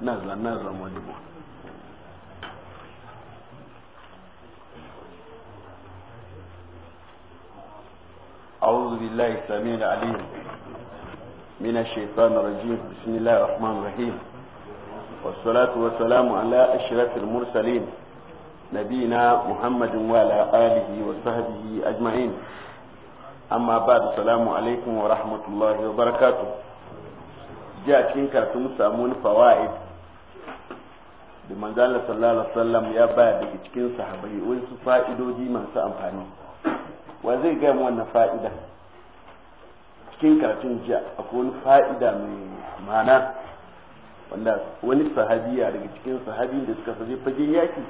na zuwa na zuwa malibu أعوذ بالله السميع العليم من الشيطان الرجيم بسم الله الرحمن الرحيم والصلاة والسلام على أشرف المرسلين نبينا محمد وعلى آله وصحبه أجمعين أما بعد السلام عليكم ورحمة الله وبركاته جاء كنكر تمسامون فوائد da manzala sallallahu alaihi wasallam ya baya daga cikin sahabbai wasu fa'idoji masu amfani wa zai gaya mu wannan fa'ida cikin karatun jiya akwai wani fa'ida mai mana wanda wani sahabiya daga cikin sahabi da suka faje fagen yaki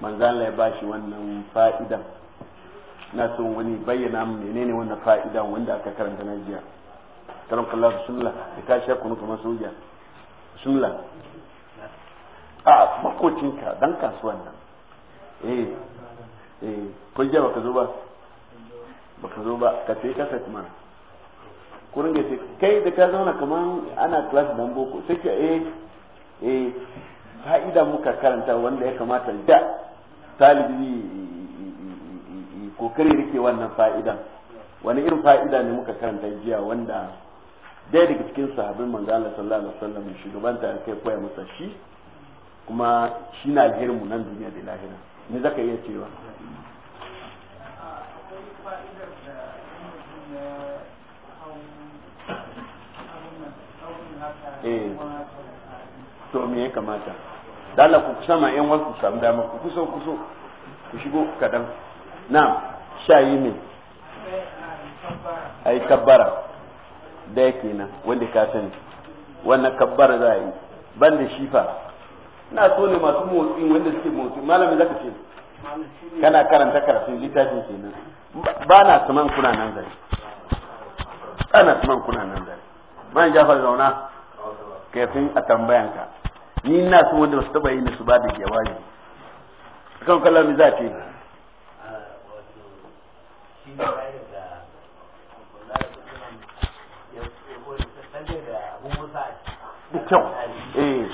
lai ya shi wannan fa'idan na son wani bayyana menene wannan fa'idan wanda aka karanta na jiya karam kallah da ka sha kunu kamar soja bismillah a makocinka dan kasuwan nan eh eh kun je baka zo ba baka zo ba ka ce ka sati mana ku ringa ce kai da ka zauna kaman ana class dan boko sai ka eh eh fa'ida muka karanta wanda ya kamata da talibi kokari rike wannan fa'idan wani irin fa'ida ne muka karanta jiya wanda daya daga cikin sahabin manzo Allah sallallahu alaihi wasallam shugaban ta kai koya masa shi kuma shi na alherin mu nan duniya da lahira ne zaka iya cewa eh. to me ya kamata dala ku kusa ma yan wasu samu dama ku kuso kuso ku shigo kadan na shayi ne ai kabbara da yake nan wanda ka sani wannan kabbara za a yi ban da shifa ina so ne masu motsi wanda suke motsi malamin zaka ce kana karanta karatun littafin kenan ba na saman kuna nan gari ba na saman kuna nan gari man jafar zauna kafin a tambayan ka ni ina so wanda su taba yi ne su ba da jawabi kan kallon za ce kyau eh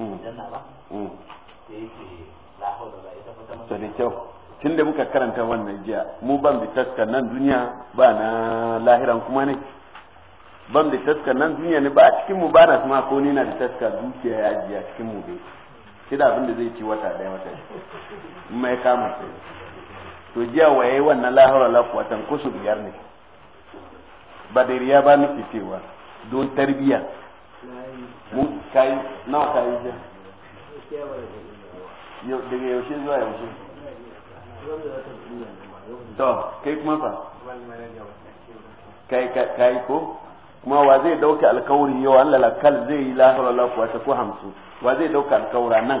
Mm. aljanna ba mm. sai da kyau tun da muka karanta wannan jiya mu ban da taskar nan duniya ba na lahiran kuma ne ban da taskar nan duniya ne ba a cikin mu ba na kuma ko ni na da taska dukiya ya a cikin mu dai kida abin da zai ci wata daya wata mai kama sai to jiya waye wannan lahara lafuwatan kusur biyar ne ba da riya ba nake cewa don tarbiyya mu kayi nawa ka kayi jiya daga yaushe zuwa yaushe to kai kuma fa kai kai ko kuma wa zai dauke alkawari yau an lalakal zai yi lahara lafuwa ta ko hamsu wa zai dauka alkawura nan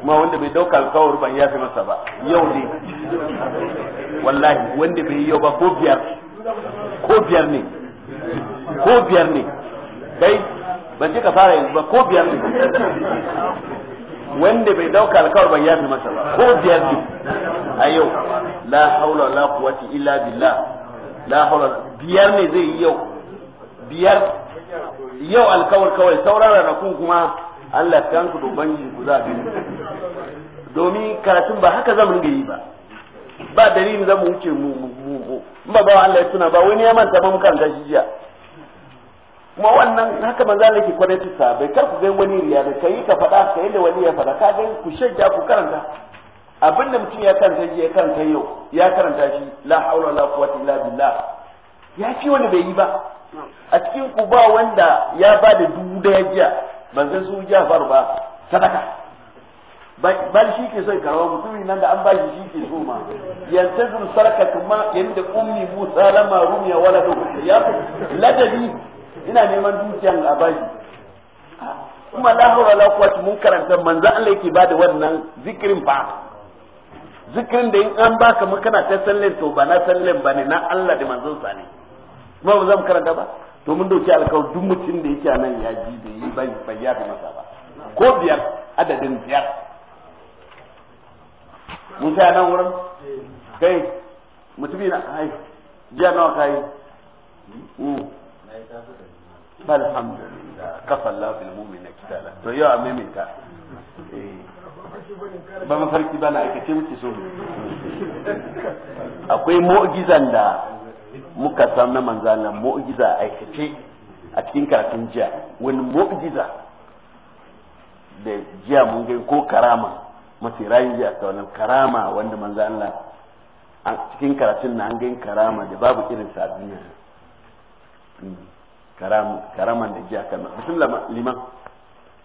kuma wanda bai dauka alkawar ban yafi masa ba yau ne wallahi wanda bai yau ba ko biyar ko biyar ne ko biyar ne kai ban ce ka fara yanzu ba ko biyar ne wanda bai dauka alkawar ban yafi masa ba ko biyar ne a yau la haula la quwwata illa billah la haula biyar ne zai yi yau biyar yau alkawar kawai saurara na kun kuma Allah ya kanku da yi ku za ku domin karatun ba haka zamu ga yi ba ba dalilin zamu wuce mu mu ba ba Allah ya tuna ba wani ya manta ba mu kan gashi jiya kuma wannan haka manzo Allah ke sa, bai kar ku gani wani riya da kai ka faɗa kai da wani ya faɗa ka gani ku shajja ku karanta abin da mutum ya karanta ya karanta yau ya karanta shi la haula wala quwwata illa billah ya ci wani bai yi ba a cikin ku ba wanda ya ba da dubu da jiya manzo su faru ba sadaka bal shi ke son karawa mutumin nan da an ba shi shi ke so ma yantazir sarka yanda ummi musa lama rumiya wala ya ladabi ina neman dukiyan a bashi kuma la hawla la quwwata mun karanta manzo Allah yake bada wannan zikirin fa zikirin da in an baka mun kana ta sallen to ba na sallen ba ne na Allah da manzon sa ne kuma ba zan karanta ba to mun dauki alkawar duk mutum da yake nan ya ji da yi bai bai ya masa ba ko biyar adadin biyar mun sai nan wurin kai mutubi na ai jiya nawa kai alhamdulillah kafa Allah bil mu'min kitala to yau a maimaita eh. ba mafarki ba na aikace muke so akwai mu'gizan da muka sam na manzana mu'giza aikace a cikin karatun jiya wani mu'giza da jiya mun gai ko karama mafi rayin jiya ta wani karama wanda manzo Allah a cikin karatun na an gai karama da babu irin sa duniya hmm. karaman da jiya kan bismillah liman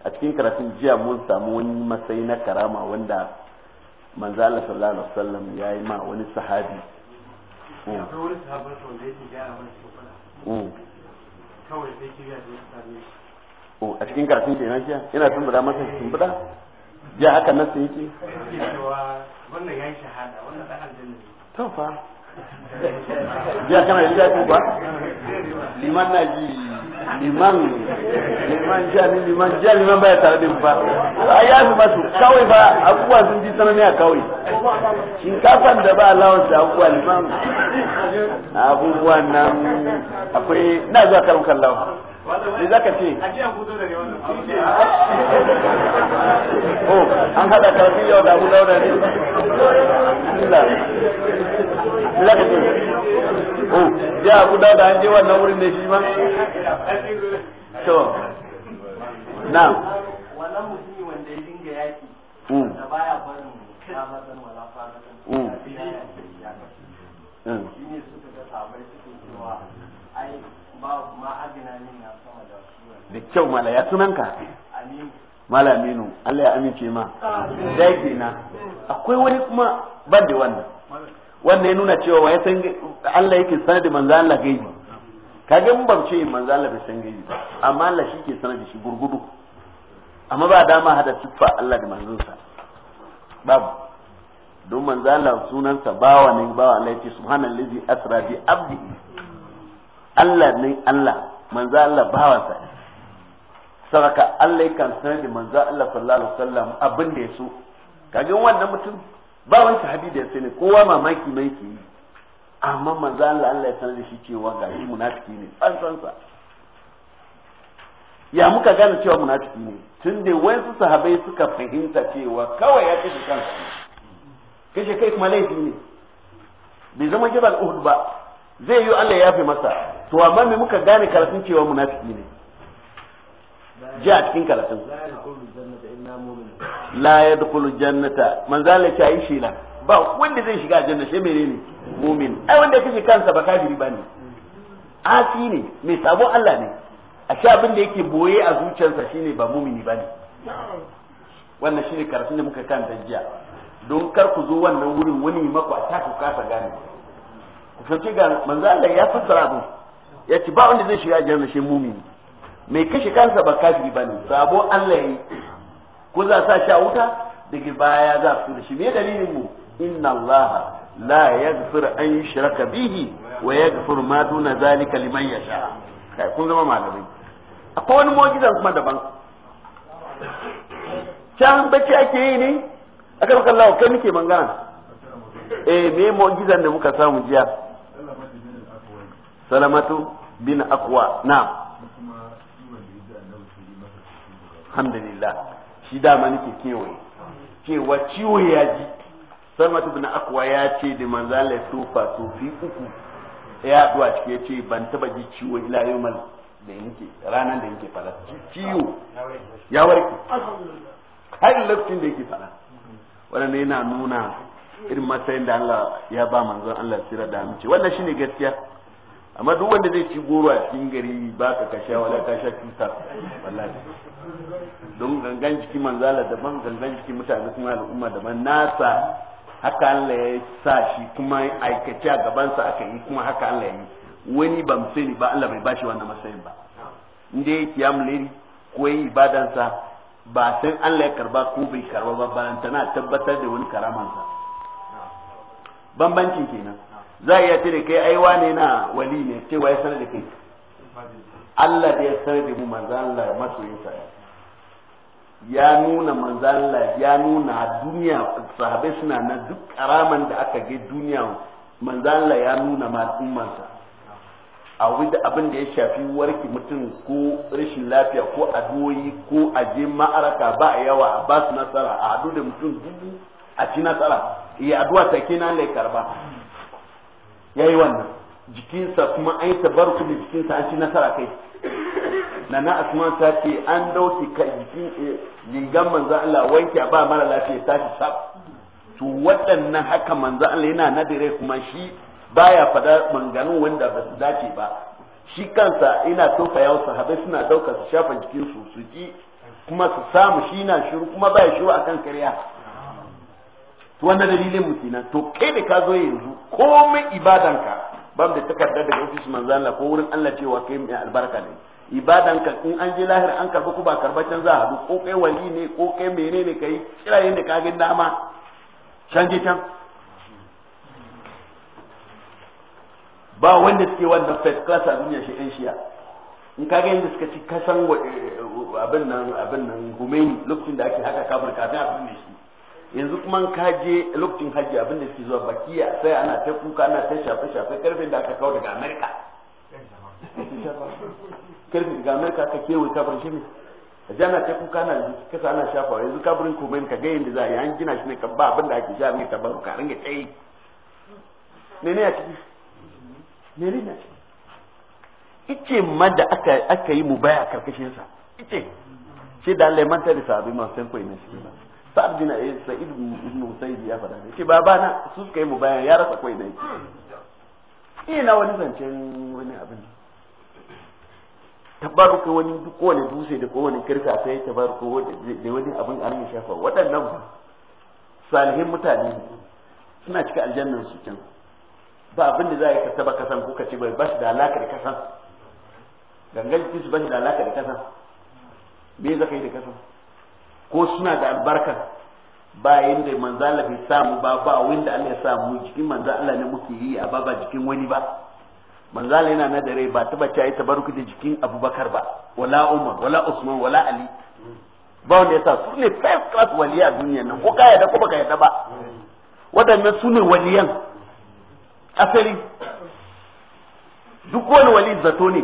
a cikin karatun jiya mun samu wani matsayi na karama wanda manzo Allah sallallahu alaihi wasallam yayi ma wani sahabi mm. ya a cikin karatun ke nan kiya ina tun masa tun bada haka nan sai yake cewa wannan yayi shahada wannan dan aljanna to fa jiya kana ji daɗi ba liman na ji liman liman jiya ni liman jiya liman baya tare da ba a ya fi masu kawai ba abubuwa sun ji sanani a kawai shinkafan da ba allowance da abubuwa liman abubuwan nan akwai na zuwa karin kallawa me za ka ce oh an haɗa kalafi yau da abu dauda ne za ka ce o ya abu da an je wannan wurin ne shi ma to na wannan mutum wanda ya dinga yaki mm. da baya barin kafatan wala fatan shi ne suka ga sabai suke cewa ai ba ma adina ne na sama da su da kyau mala ya sunanka amin mala aminu Allah ya amince ma dai kenan akwai wani kuma ban da wannan wannan ya nuna cewa wa ya san Allah yake sanar da manzo Allah gaibi kage mun bamce manzo Allah bai san gaibi amma Allah shi ke sanar da shi gurgudu amma ba dama hada siffa Allah da sa babu don manzo Allah sunansa bawa ne bawa Allah yake subhanallazi asra bi abdi Allah ne Allah manzo Allah bawansa saraka Allah yake sanar da manzo Allah sallallahu alaihi wasallam abin da ya so kage wannan mutum ba wani sahabi da ya sani kowa mamaki mai ke yi amma manzo Allah Allah ya sanar da shi cewa ga shi munafiki ne san san sa ya muka gane cewa munafiki ne tun da su sahabai suka fahimta cewa kawai ya kashe kansu kashe kai kuma laifi ne bai zama jibal uhud ba zai yi Allah ya fi masa to amma me muka gane karatun cewa munafiki ne ji a cikin karatun la yadkhulu jannata manzo Allah ya yi shela ba wanda zai shiga janna shi ne mumin ai wanda kace kansa ba kafiri bane asi ne mai sabo Allah ne a sha abin da yake boye a zuciyarsa shine ba mumini bane wannan shine karatun da muka kan jiya don kar ku zo wannan wurin wani mako a taku kasa gane ku fice ga manzo Allah ya fassara abin ya ce ba wanda zai shiga janna shi mumini mai kashe kansa ba kafiri bane sabo Allah ne. ko za sa shi a wuta daga baya za su da shi me dalilin mu inna Allah la yaghfir an yushraka bihi wa yaghfir ma duna zalika liman yasha kai kun zama malamai akwai wani mu'jizan kuma daban can bacci ake yi ne aka baka Allah kai muke mangana eh me mu'jizan da muka samu jiya salamatu bin aqwa na alhamdulillah shi dama nake kewaye cewa ciwo ya ji sama bina akwa ya ce da manzala tofa fi uku ya haɗuwa ciki ya ce ban taba ji ciwo ila yau da yanke ranar da yanke fara ciwo ya warke har lokacin da yake fara wannan yana nuna irin matsayin da Allah ya ba manzon Allah sira da amince wannan shine gaskiya amma duk wanda zai ci goro a cikin gari ba ka kasha wala ka sha cuta wallahi don gangan jiki manzala daban gangan jiki mutane kuma al'umma daban nasa haka Allah ya sa shi kuma aikace a gabansa aka yi kuma haka Allah ya yi wani ba musani ba Allah bai bashi wannan matsayin ba inda ya yi liri ko yi ibadansa ba san Allah ya karba ko bai karba ba balantana tabbatar da wani karamansa bambancin kenan za a iya ce da kai aiwa ne na wali ne cewa ya sanar da kai Allah da ya sanar da mu manzo Allah masoyinsa ya nuna manzala ya nuna duniya sahabai suna na duk karaman da aka ga duniya manzala ya nuna ma'ummansa a wanda abin da ya shafi warki mutum ko rashin lafiya ko adoyi ko aje ma'araka ba a yawa a ba su nasara a hadu da mutum dubu a ci nasara ya eh, addu'a ta kenan lai karba yayi wannan jikinsa kuma an yi tabarku da jikinsa an ci nasara kai na na asman ta ce an dauke jikin eh, rigan manzo Allah wanke ba mara lafiya tashi sab to waɗannan haka manzo Allah yana nadire kuma shi baya fada manganu wanda ba su dace ba shi kansa ina tofa yawo sahabbai suna dauka su shafa jikin su su ji kuma su samu shi na shiru kuma baya shiru akan karya. to wannan dalilin mu to kai da ka zo yanzu komai ibadanka bam da takarda daga ofis manzo Allah ko wurin Allah cewa kai mai albarka ne ibadan ka in an je lahir an karba ku ba karba can za a hadu ko kai wali ne ko kai menene kai kirayen da ka ga dama can can ba wanda suke wannan first class a duniya shi ɗan shiya in ka ga yadda suka ci kasan eh, abin nan abin nan gumeni lokacin da ake haka kabur kafin a ne shi yanzu kuma ka je lokacin hajji abinda suke zuwa bakiya sai ana ta kuka ana ta shafe shafe karfe da aka kawo daga amerika karfe daga amerika aka kewaye kafar shi ne a ji ana ta kuka ana kasa ana shafawa yanzu kabarin komai ka ga yadda za a yi an gina shi ne ka ba abinda ake sha ne ka ba ka ringa tsaye mene a ciki mene na ciki ice ma da aka yi mu baya karkashinsa ice shi da Allah da sabi masu san koyi ne ba sa'ad bin ayyub sa'id ibn usayd ya faɗa yace baba na su suka yi mu bayan ya rasa kai da yake eh na wani zancen wani abin tabaruka wani duk wani dutse da kowane kirka ya tabaruka da wani abin an yi shafa waɗannan salihin mutane suna cika aljannan su can ba abin da za a yi ka taba kasan ko ka ce bai ba shi da kasan gangan su ba shi da kasan me za ka yi da kasan ko suna da albarka ba inda manzo Allah bai mu ba ba wanda Allah ya sa mu jikin manzo Allah ne muke yi a ba ba jikin wani ba manzo Allah yana na dare ba taba ta yi tabarruki da jikin Abubakar ba wala Umar wala Usman wala Ali ba wanda ya sa su ne first class waliya a duniya nan ko kaya ko baka yadda ba wadannan su ne waliyan asali duk wani wali zato ne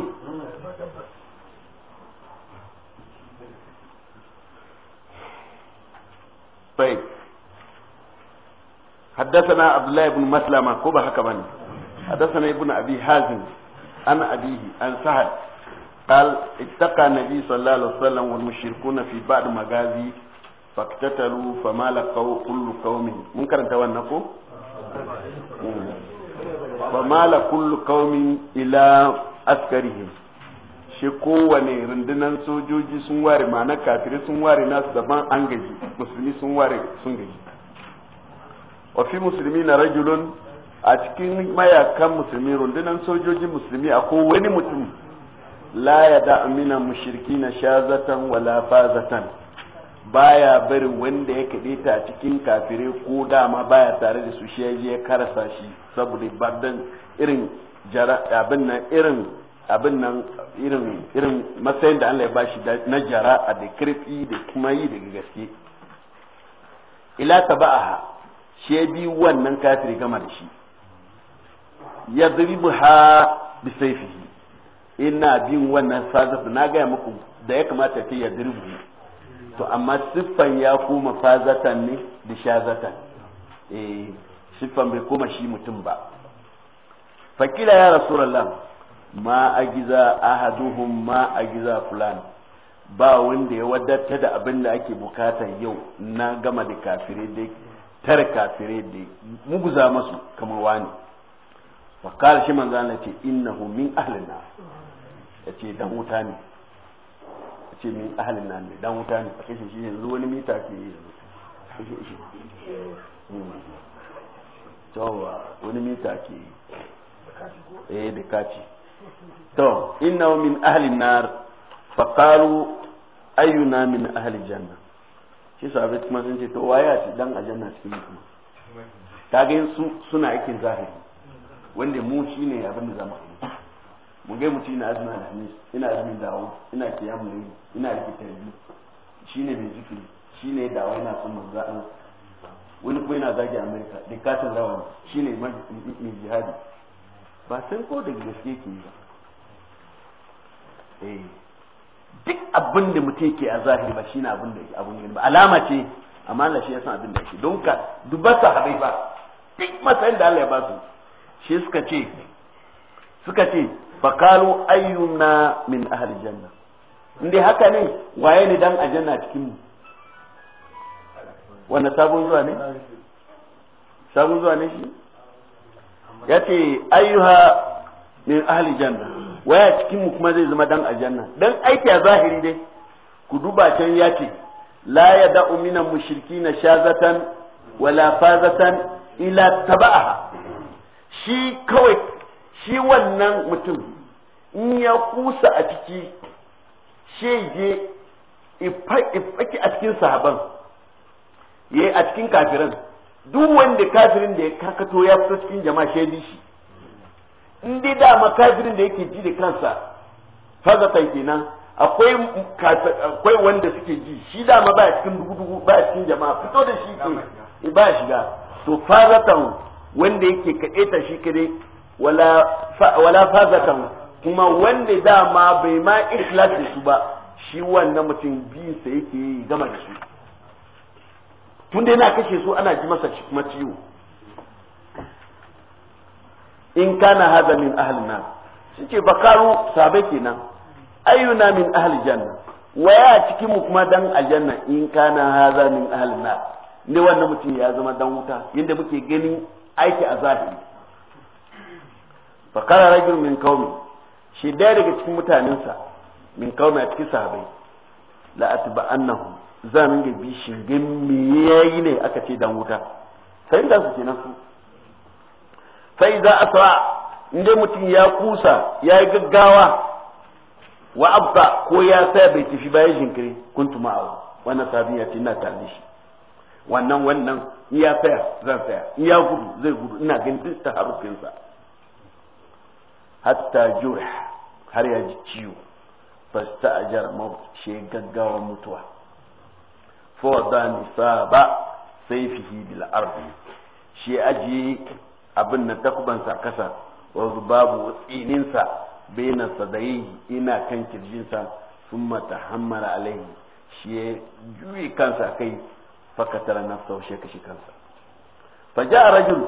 طيب حدثنا عبد الله بن مسلمة كوبا هكذا حدثنا ابن أبي حازم عن أبيه عن سهل قال اتقى النبي صلى الله عليه وسلم والمشركون في بعض مغازي فاقتتلوا فما لقوا كل قوم منكر انت ونكو فما لكل قوم إلى عسكرهم shi kowane rundunan sojoji sun ware ma'ana kafiri sun ware nasu daban an gaji musulmi sun ware sun gaji wa fi musulmi na rajulun a cikin mayakan musulmi rundunan sojoji musulmi a wani mutum la ya da amina mushirki na shazatan wala fazatan baya barin wanda ya kaɗe ta cikin kafire, ko dama baya tare da su shi ya karasa shi saboda irin irin abin nan irin irin matsayin da Allah ya bashi na jara a da kirfi da kuma yi daga gaske ila taba'aha she bi wannan kafiri gama da shi ya ha bi saifihi ina bin wannan fazar na gaya muku da ya kamata ta ya dirbu to amma siffan ya koma fazatan ne da shazatan eh siffan bai koma shi mutum ba fakila ya rasulullah ma giza, ahaduhum ma giza fulan ba wanda ya wadatta da abin da ake bukata yau na gama da kafirai dai tar kafirai dai muguza masu kamar wani wa kala shi manzo Allah ce innahu min ahlina yace dan wuta ne yace min ahlina ne dan wuta ne kace shi yanzu wani mita ke yanzu to wani mita ke eh da kaci to inna min ahli nar fa qalu ayyuna min ahli janna shi sahabbai kuma sun ce to waye a dan aljanna cikin kuma Kaga su suna aikin zahiri wanda mu shine abin da za mu ga mutum ina azumin alhamis ina azumi dawo ina kiyamu ne ina rike tarbi shine mai zikiri shine dawo ina son manzo Allah wani kuma yana zagi Amerika da katin rawan shine mai jihadi ba sun ko da gaske ke yi ba eh. duk abin da mutum ke a zahiri ba shine abin da yake abin gani ba alama ce amma Allah shi ya san abin da yake don ka duba habai ba duk matsayin da Allah ya ba su shi suka ce suka ce fakalu ayyuna min ahli janna inda haka ne waye ne dan aljanna cikin mu wanda sabon zuwa ne sabon zuwa ne shi yace ayyuha min ahli janna waya cikin mu kuma zai zama dan aljanna dan aiki a zahiri dai ku duba can yace la yada'u min mushrikina shazatan wala fazatan ila taba'a shi kawai shi wannan mutum in ya kusa a ciki shege ifaki a cikin sahaban yayi a cikin kafiran duk wanda kafirin da ya karkato ya fito cikin jama'a shi bi shi in dai ma kafirin da yake ji da kansa fagatan kenan akwai akwai wanda suke ji shi da ma ba cikin dugu-dugu ba cikin jama'a fito da shi ke eh, ba shiga to fagatan wanda yake ta shi kare wala fagatan kuma wanda dama bai ma ikhlasi su ba shi wannan mutum biyinsa yake gama da su tunda yana kashe su ana ji masa kuma ciwo in kana hada min ahli na suke bakaru sabe kenan ayyuna min ahli janna waya cikin mu kuma dan aljanna in kana hada min ahli na. ne wannan mutum ya zama dan wuta yadda muke gani aiki a zahiri fakara rajul min qaumi shi daya daga cikin mutanensa min qaumi a cikin sahabbai la annahum za mu ga bi shirgin me yayi ne aka ce dan wuta sai da su kenan su fa idza asra inda mutum ya kusa ya yi gaggawa wa abba ko ya sa bai tafi bayan jinkiri kuntu ma'ahu wannan sabin ya ce ina tare shi wannan wannan ya tsaya zan tsaya ya gudu zai gudu ina ganin duk taharufinsa hatta jurh har ya ji ciwo fasta ajar maut shi gaggawa mutuwa fawada nisaba sayfihi bil ardi shi aji abin nan takuban sa kasa wa babu tsinin sa baina sadai ina kan kirjin sa summa tahammala alaihi shi juyi kansa kai fakatara nafsa shi kashi kansa faja rajul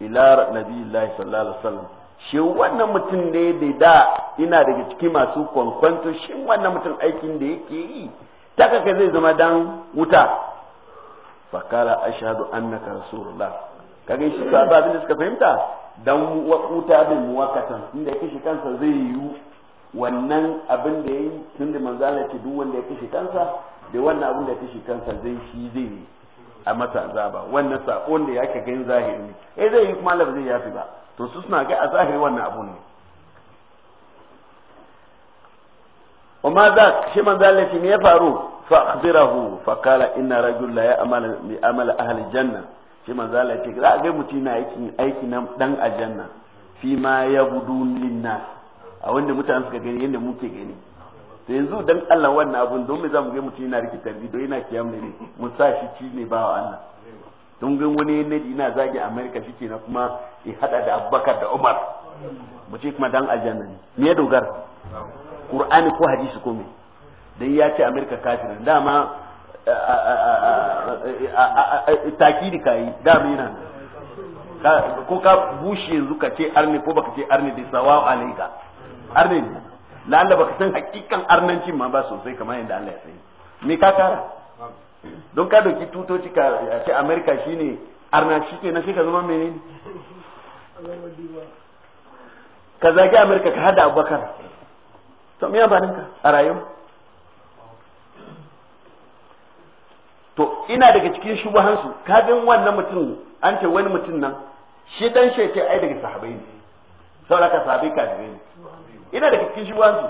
ila nabiyyi sallallahu alaihi wasallam shi wannan mutum ne da da ina daga cikin masu kwankwanto shi wannan mutum aikin da yake yi taka kai zai zama dan wuta fakara ashadu annaka rasulullah kage shi ba abin da suka fahimta dan wuta bin muwakkatan inda ya kishi kansa zai yiwu wannan abin da yayi tun da manzo Allah ce duk wanda ya kishi kansa da wannan abin da ya kishi kansa zai shi zai yi a masa azaba wannan sakon da yake gani zahiri ne eh zai yi kuma Allah zai yafi ba to su suna ga a zahiri wannan abun ne wa ma za shi manzo Allah shi ya faru fa akhbirahu fa qala inna rajul la amala bi amal ahli janna shi manzo Allah za a ga mutum na aikin aiki na dan aljanna fi ma yabudun linnas a wanda mutane suka gani yanda muke gani to yanzu dan Allah wannan abun don me zamu ga mutum yana rikita bidiyo yana kiyam ne mu sa shi ci ne ba Allah don gan wani nadi ina zagi America shi kenan kuma ya hada da Abubakar da Umar mu ce kuma dan aljanna ne me ya dogara qur'ani ko hadisi ko me dan ya ce america kafirin dama takidi ka yi dama yana ko ka bushe yanzu ka ce arni ko baka ce arni da sawa alaika arni ne lalla baka san hakikan arnancin ma ba sosai kamar yadda Allah ya sani me ka kara don ka doki tutoci ka ce amerika shine arna shi ke na shi ka zama menene ka zagi amerika ka hada abubakar to me ba ninka a rayuwa to ina daga cikin shubuhansu kafin wannan mutum an ce wani mutum nan shi dan shi ce ai daga sahabai ne saboda ka sahabai ka ne ina daga cikin shubuhansu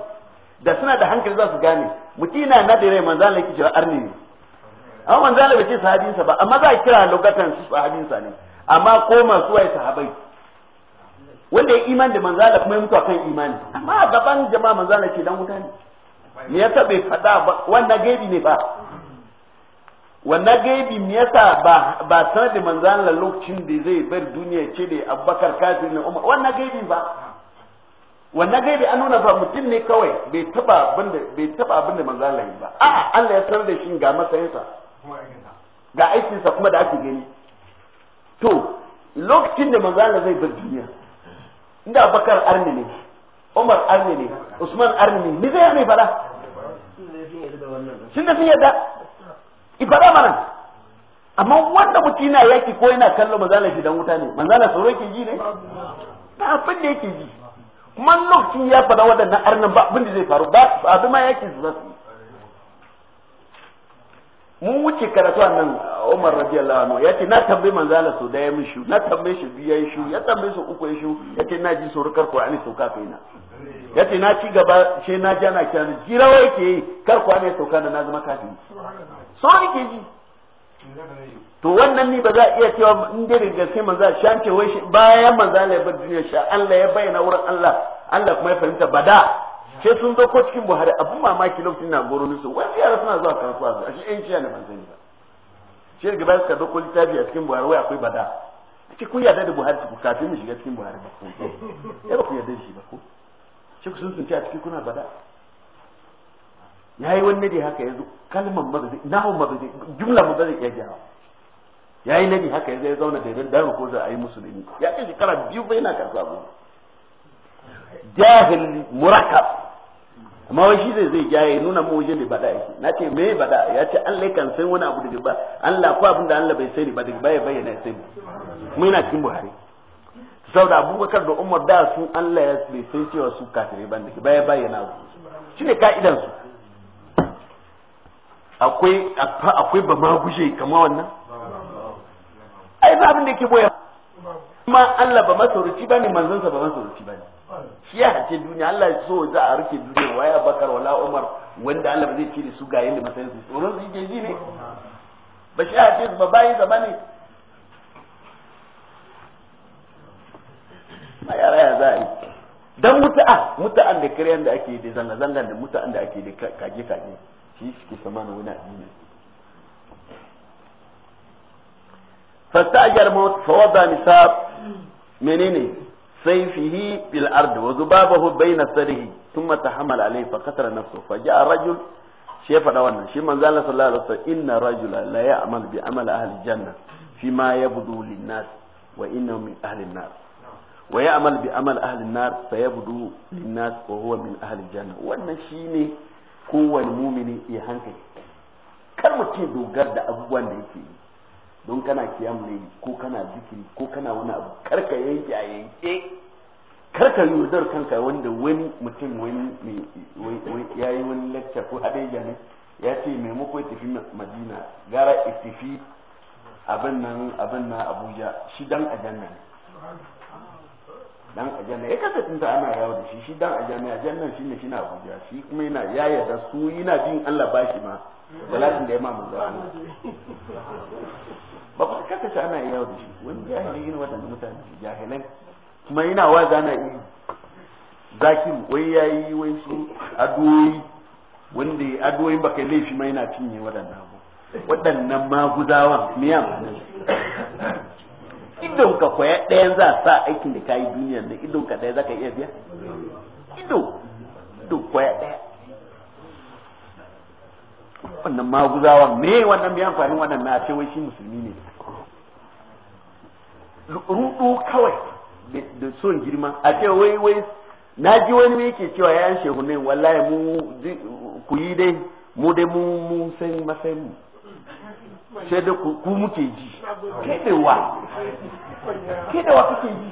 da suna da hankali za su gane mutum na na da rai manzo Allah yake cewa arni ne amma manzo Allah bai ce sahabinsa ba amma za a kira lokacin su sahabinsa ne amma ko masu waye sahabai wanda ya imani da manzala kuma ya mutu akan imani amma gaban jama'a manzala ke dan wuta ne me yasa bai fada ba wannan gaibi ne ba wannan gaibi me yasa ba ba sanar da manzala lokacin da zai bar duniya ce da Abubakar kafir ne Umar wannan gaibi ba wannan gaibi an nuna ba mutum ne kawai bai taba abin da bai taba abin da manzala yi ba a'a Allah ya sanar da shi ga masayinsa ga aikinsa kuma da ake gani to lokacin da manzala zai bar duniya inda Abakar arni ne umar arni ne usman arni ne ni zai ne fada sun da sun yadda ifada mana amma wanda mutum yana yaki ko yana kallon manzala shi wuta ne manzala tsoro ke ji ne ta abin da yake ji kuma lokacin ya fada waɗannan arnin ba abin da zai faru ba abin ma yaki su zasu mu wuce karatu a nan Umar radiyallahu anhu yace na tambayi manzo Allah so da ya mishu na tambaye shi biya ya shu ya tambaye su uku shu yace na ji surukar Qur'ani sauka kaina yace na ci gaba she na ji ana kiran jirawa yake ke kar Qur'ani sauka kana na zama kafiri so yake ji to wannan ni ba za a iya cewa in dai daga sai manzo shan ce wai bayan manzo Allah ya bar duniya sha Allah ya bayyana wurin Allah Allah kuma ya fahimta bada sai sun zo ko cikin Buhari abin mamaki lokacin na goro nisu wani yara suna zuwa kasuwa a shi ɗan ciya ne ban sani ba shi gaba suka ko littafi a cikin buhari wai akwai bada ki kun yarda da buhari ku kafin mu shiga cikin buhari ba ku ya eh, ba ku yarda da shi ba ku shi ku sun sunce a cikin kuna bada yayi wani ne haka yanzu kalmar mabazi nahun mabazi jumla mabazi ya gyara yayi ne haka yanzu ya zauna da idan daru ko za a yi musulmi ya ce shekara biyu bai na karsa abu jahil murakab amma wai shi zai zai jaye nuna mu wajen da bada yake na ce me bada ya ce Allah kan san wani abu daga ba Allah ko abin da Allah bai sani ba daga baya bayyana ya sani mu yana cikin Buhari saboda Abubakar da Umar da su Allah ya bai san cewa su kafirai ban daga baya bayyana su shine ka'idan su akwai akwai ba ma gushe kamar wannan ai ba abin da yake boye kuma Allah ba masaurici bane manzon sa ba masaurici bane shi ya duniya Allah ya so za a rike duniya ya bakar wala umar wanda Allah zai cire su ga yanda masayin su tsoron su ke ji ne ba shi ce su ba bayin zama ne ma raya za a yi dan mutu'a muta'an da kiryan da ake da zanga zanga da muta'an da ake da kage kage shi suke sama na wani addini fastajar mawt fawada nisab menene sai fihi bil ardi wa zubabahu bayna sadihi thumma tahammal alayhi fa qatara nafsuhu fa ja'a rajul shi fa wannan shi manzo Allah sallallahu alaihi wasallam inna rajula la ya'mal bi amal ahli janna fi ma yabdu lin nas wa inna min ahli an-nar wa ya'mal bi amal ahli an-nar fa yabdu lin nas wa huwa min ahli janna wannan shine kowanne mu'mini ya hankali kar mu ce dogar da abubuwan da yake yi don kana kiyam ne ko kana zikiri ko kana wani abu karka yanke a yanke karka yurdar kanka wanda wani mutum wani ya yi wani lecture ko adeja ne ya ce maimakon tafi madina gara itifi abin nan abin nan abuja shi dan ajanna ne dan ajanna ya kasance ta ana yawo da shi shi dan ajanna ajanna shine shi na abuja shi kuma yana ya yarda su yana bin Allah bashi ma salatin da ya ma manzo ba ba kasa ana iya da shi wani jahilin irin waɗannan mutane jahilan kuma yana wa zana yi zakin wai yayi wai su adoyi wanda adoyin baka laifi ma yana cinye waɗannan abu waɗannan maguzawan me ya ma'ana idon ka koya ɗayan za sa aikin da yi duniya da idon ka ɗaya zaka iya biya ido ido koya ɗaya wannan maguzawan me wannan me amfanin wannan na ce wai shi musulmi ne rudu kawai da son girma a ce wai wai na ji wani yake cewa yayan shehu ne wallahi mu ku yi dai mu dai mu mun san matsayin mu sai da ku muke ji kedewa kedewa kake ji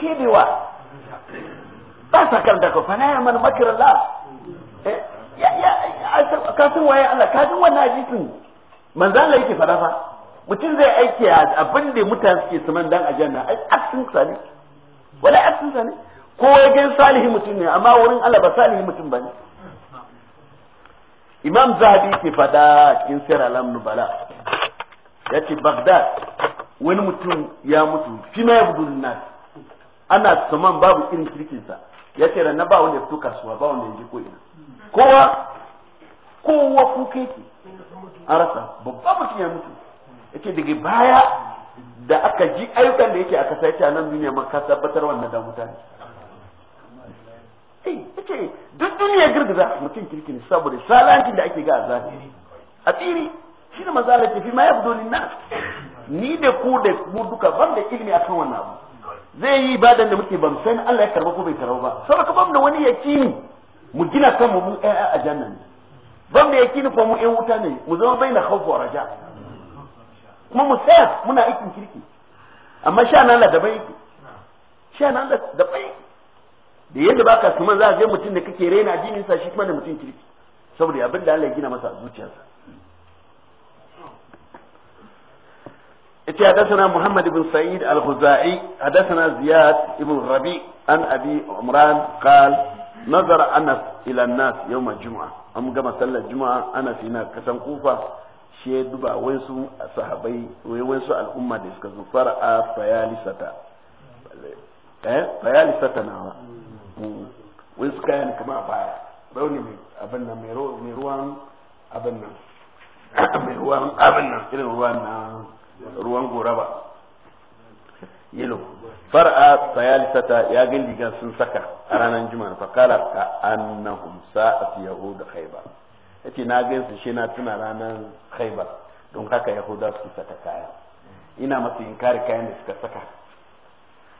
kedewa ba sa karanta ko na ya mana makirar Eh? ya ya ka san waye Allah ka ji wannan hadisin manzo Allah yake fara fa mutum zai aiki a abin da mutane suke saman dan aljanna ai asin sa ne wala asin sa ne ko wajen salihu mutum ne amma wurin Allah ba salihi mutum bane Imam Zahabi ke fada cikin Sirr Alam Nubala yace bagdad wani mutum ya mutu fi ma yabdul nas ana saman babu irin kirkin sa yace ranna ba wanda ya fito kasuwa ba wanda ya je ko ina kowa kowa kuke ki an rasa mutum ya mutu yace daga baya da aka ji ayyukan da yake aka sai a nan duniya ma ka tabbatar wannan da mutane eh, yace duk duniya girgiza mutum kirki ne saboda salanci da ake ga a zahiri a tsiri shi ne maza Allah tafi ma ya fito na. ni da ku da mu duka ban da ilimi akan wannan abu zai yi ibadan da muke ban san Allah ya karba ko bai karba ba saboda ban da wani yakini mu gina kanmu mu ƴaƴa a jannan ban da yakini fa mu ƴan wuta ne mu zama baina khawfu wa raja' kuma mu tsaya muna aikin kirki amma sha na Allah daban yake sha na Allah daban yake da yadda ba ka kuma za ga mutum da kake raina addinin sa shi kuma da mutum kirki saboda abin da Allah ya gina masa zuciyarsa اتي حدثنا محمد بن سعيد الخزاعي حدثنا زياد بن الربيع عن ابي عمران قال نظر انس الى الناس يوم الجمعه ام كما صلى الجمعه انس هنا كسن كوفه shi ya duba wasu sahabai wasu al'umma da suka zo fara'a fayalisata eh fayalisata nawa mm. wasu kayan kama a baya rauni mai abin nan mai ruwan abin nan mai ruwan abin nan irin ruwan na ruwan goraba yelo far'a fayalisata ya gan rigar sun saka a ranar juma'a fakala ka annahum sa'at yahud khaybar yace na su shi na tuna ranar khaibar don haka yahuda su saka kaya ina masu inkari kayan da suka saka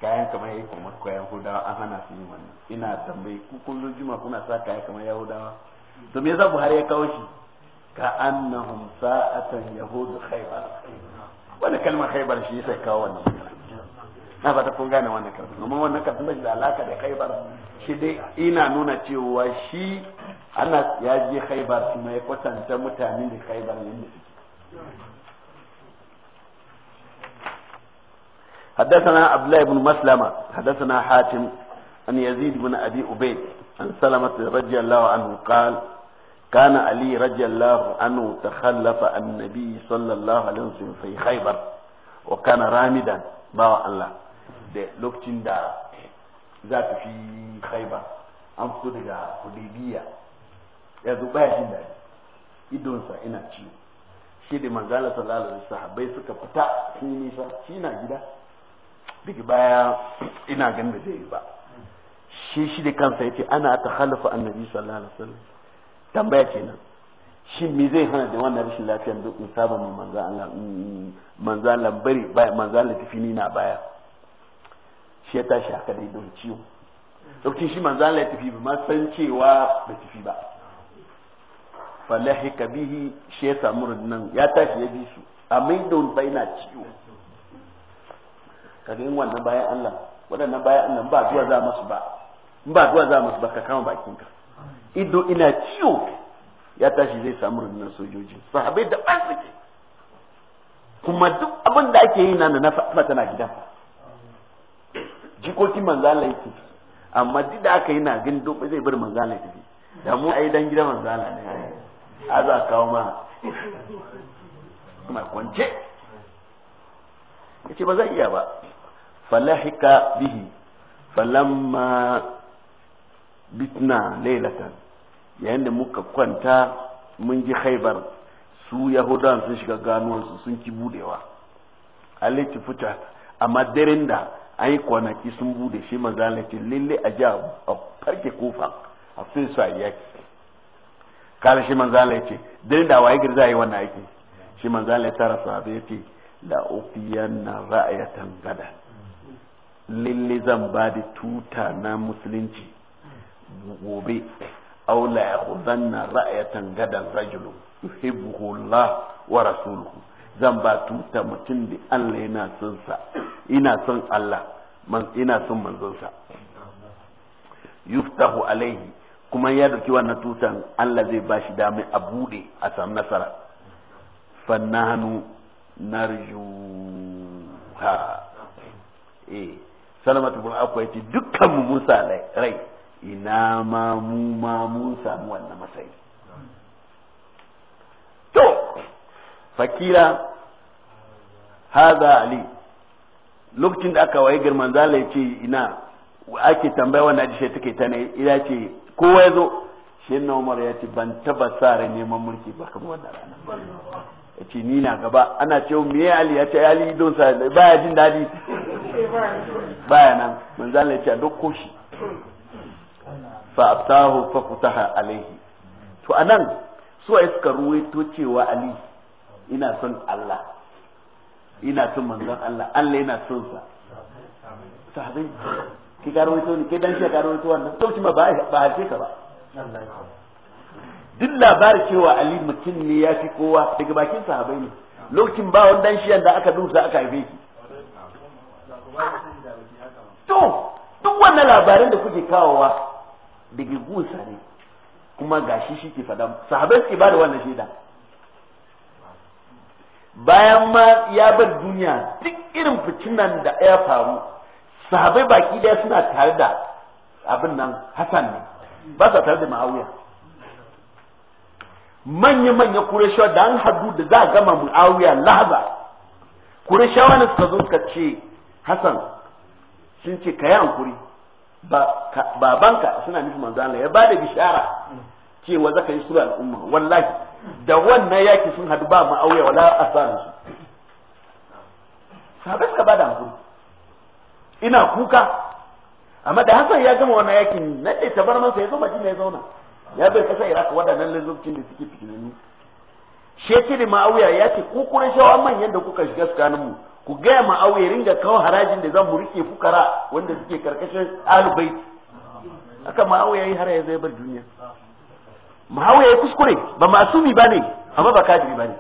kayan kamar yayi kamar ko yahuda an hana su yin wannan ina tambayi ku kullun juma kuna sa kaya kamar yahudawa to me yasa Buhari ya kawo shi ka annahum sa'atan yahud khaybar wannan kalmar khaybar shi sai kawo wannan na fata kun gane wannan karatu domin wannan karatu ba shi da alaka da khaibar shi dai ina nuna cewa shi ana ya je khaibar kuma ya kwatanta mutane da khaibar yadda حدثنا عبد الله بن مسلمة حدثنا حاتم عن يزيد بن أبي أبيد عن سلمة رضي الله عنه قال كان علي رضي الله عنه تخلف النبي صلى الله عليه وسلم في خيبر وكان رامدا باع الله da lokacin da za ta fi haiba an fito daga hudibiya yanzu baya jin daɗi idonsa ina ciwo shi da manzala sallallahu alaihi sahabbai suka fita sun yi nisa shi na gida daga baya ina ganin da zai yi ba shi shi da kansa yace ana ta halafa annabi sallallahu alaihi wasallam tambaya kenan shi me zai hana da wannan rashin lafiyar duk in saba manzo Allah manzo Allah bari baya manzo Allah tafi ni na baya shi ya tashi aka dai don ciwo lokacin shi manzo Allah ya tafi ba ma san cewa ba tafi ba falahika bihi shi ya samu rinnan ya tashi ya bi su a don bai na ciwo kaga in wannan bayan Allah waɗannan bayan Allah ba zuwa za musu ba in ba zuwa za musu ba ka kama bakin ka ido ina ciwo ya tashi zai samu rinnan sojoji sahabai da ban suke kuma duk abin da ake yi na na fata na gidan fa jikokin Allah yake amma duk da aka yi na gani duk zai bar manzan Allah tafi da mu ai dan gidan Allah ne a za kawo ma kuma kwance yace ba zai iya ba falahika bihi falamma bitna lailatan yayin da muka kwanta mun ji haibar su yahudan sun shiga ganuwansu sun ki budewa alaiti fita amma daren da ai kwanaki sun bude shi manzala lalle a ji a farke kofa a sun su a yaki kala shi manzala ya ce da waye girza za a yi wannan aiki shi manzala ya tara a ya ce la na ra'ayatan gada lalle zan ba da tuta na musulunci gobe aw la na ra'ayatan gada rajulun yuhibbuhu Allah wa rasuluhu zan ba tuta mutum da Allah yana son sa ina son Allah ina son manzon sa yuftahu alaihi kuma ya dauki wannan tutan Allah zai ba shi dami a bude a samu nasara narju ha eh salamatu bin akwai dukkan mu musa rai ina ma mu ma mun samu wannan masayi Fakira haza ali lokacin da aka waye girman zalai ya ce ina ake tambaya wannan ajishe take ta ne ina ce kowa ya zo shi na umar ya ce ban taba sa rai neman mulki ba kamar wannan rana ya ce ni na gaba ana ce me ali ya ce ali don sa baya jin daɗi baya nan manzala ya ce duk koshi fa abtahu fa futaha alaihi to anan su suka ruwaito cewa ali ina son Allah ina son manzon Allah Allah yana son sa sahabi ki garo wato ne ke dan shi garo wato wannan sauki ma ba ba hace ka ba duk labarin cewa Ali mutum ne ya fi kowa daga bakin sahabai ne lokacin ba wani dan shi da aka dusa aka haife shi to duk wannan labarin da kuke kawowa daga gusa ne kuma gashi shi ke faɗa sahabai suke ba da wannan shaida bayan ma ya bar duniya duk irin fitinan da ya faru sahabai baki daya suna tare da abin nan Hassan ne ba sa tare da Muawiya manya-manya Qurayshawa da an hadu da za a gama Muawiya lahaza Qurayshawa ne suka zo suka ce Hassan sun ce kai hankuri babanka suna nufin manzo Allah ya bada bishara cewa zaka yi sura al'umma wallahi da wannan yaki sun hadu ba ma'auya wala asarin su sahabai suka ba da hankali ina kuka amma da hassan ya gama wannan yakin nan ta tabar masa ya zo madina ya zauna ya bai kasa iraq waɗannan lalzokin da suke fitinanni shekiri ma'auya ya ce ku shawa manyan da kuka shiga tsakanin mu ku gaya ma'auya ringa kawo harajin da zan mu rike fukara wanda suke karkashin alubait haka ma'auya ya yi har ya zai bar duniya hawa ya kuskure ba masumi ba ne amma ba kafiri ba ne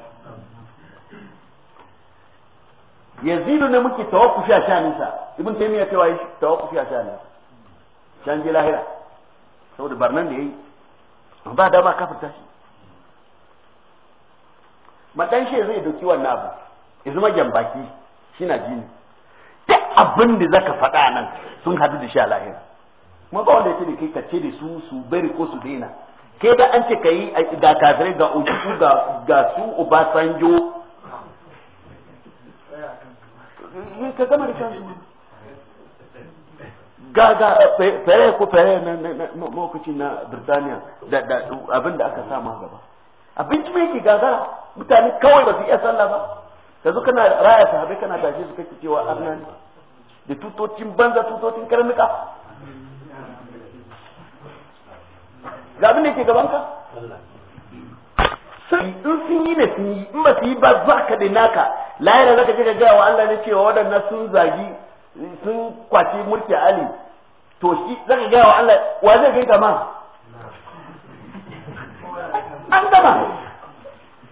yazidu ne muke tawakkufi a shaninsa ibn taymiya cewa yi tawakkufi a shaninsa shan je lahira saboda barnan da yayi ba dama kafirta shi madan shi zai doki wannan abu ya zama jambaki shi na jini duk abin da zaka faɗa nan sun hadu da shi a lahira kuma ba wanda ya ce da kai ka ce da su su bari ko su daina ke da an ce ka yi ga kafirai ga uku ga su ubasanjo ka gama da kansu ga ga fere ko fere na mawakaci na birtaniya da abin da aka sama gaba abinci mai ke gaza mutane kawai ba su iya sallah ba ka zo kana raya sahabai kana tashe su kake cewa ne da tutocin banza tutocin karnuka ga abin da ke gaban ka sai in sun yi da sun yi in ba su yi ba za ka da naka layar za ka je ka gaya wa Allah ne cewa waɗannan sun zagi sun kwaci mulki Ali to shi za ka gaya wa Allah wa zai gaita ma an gama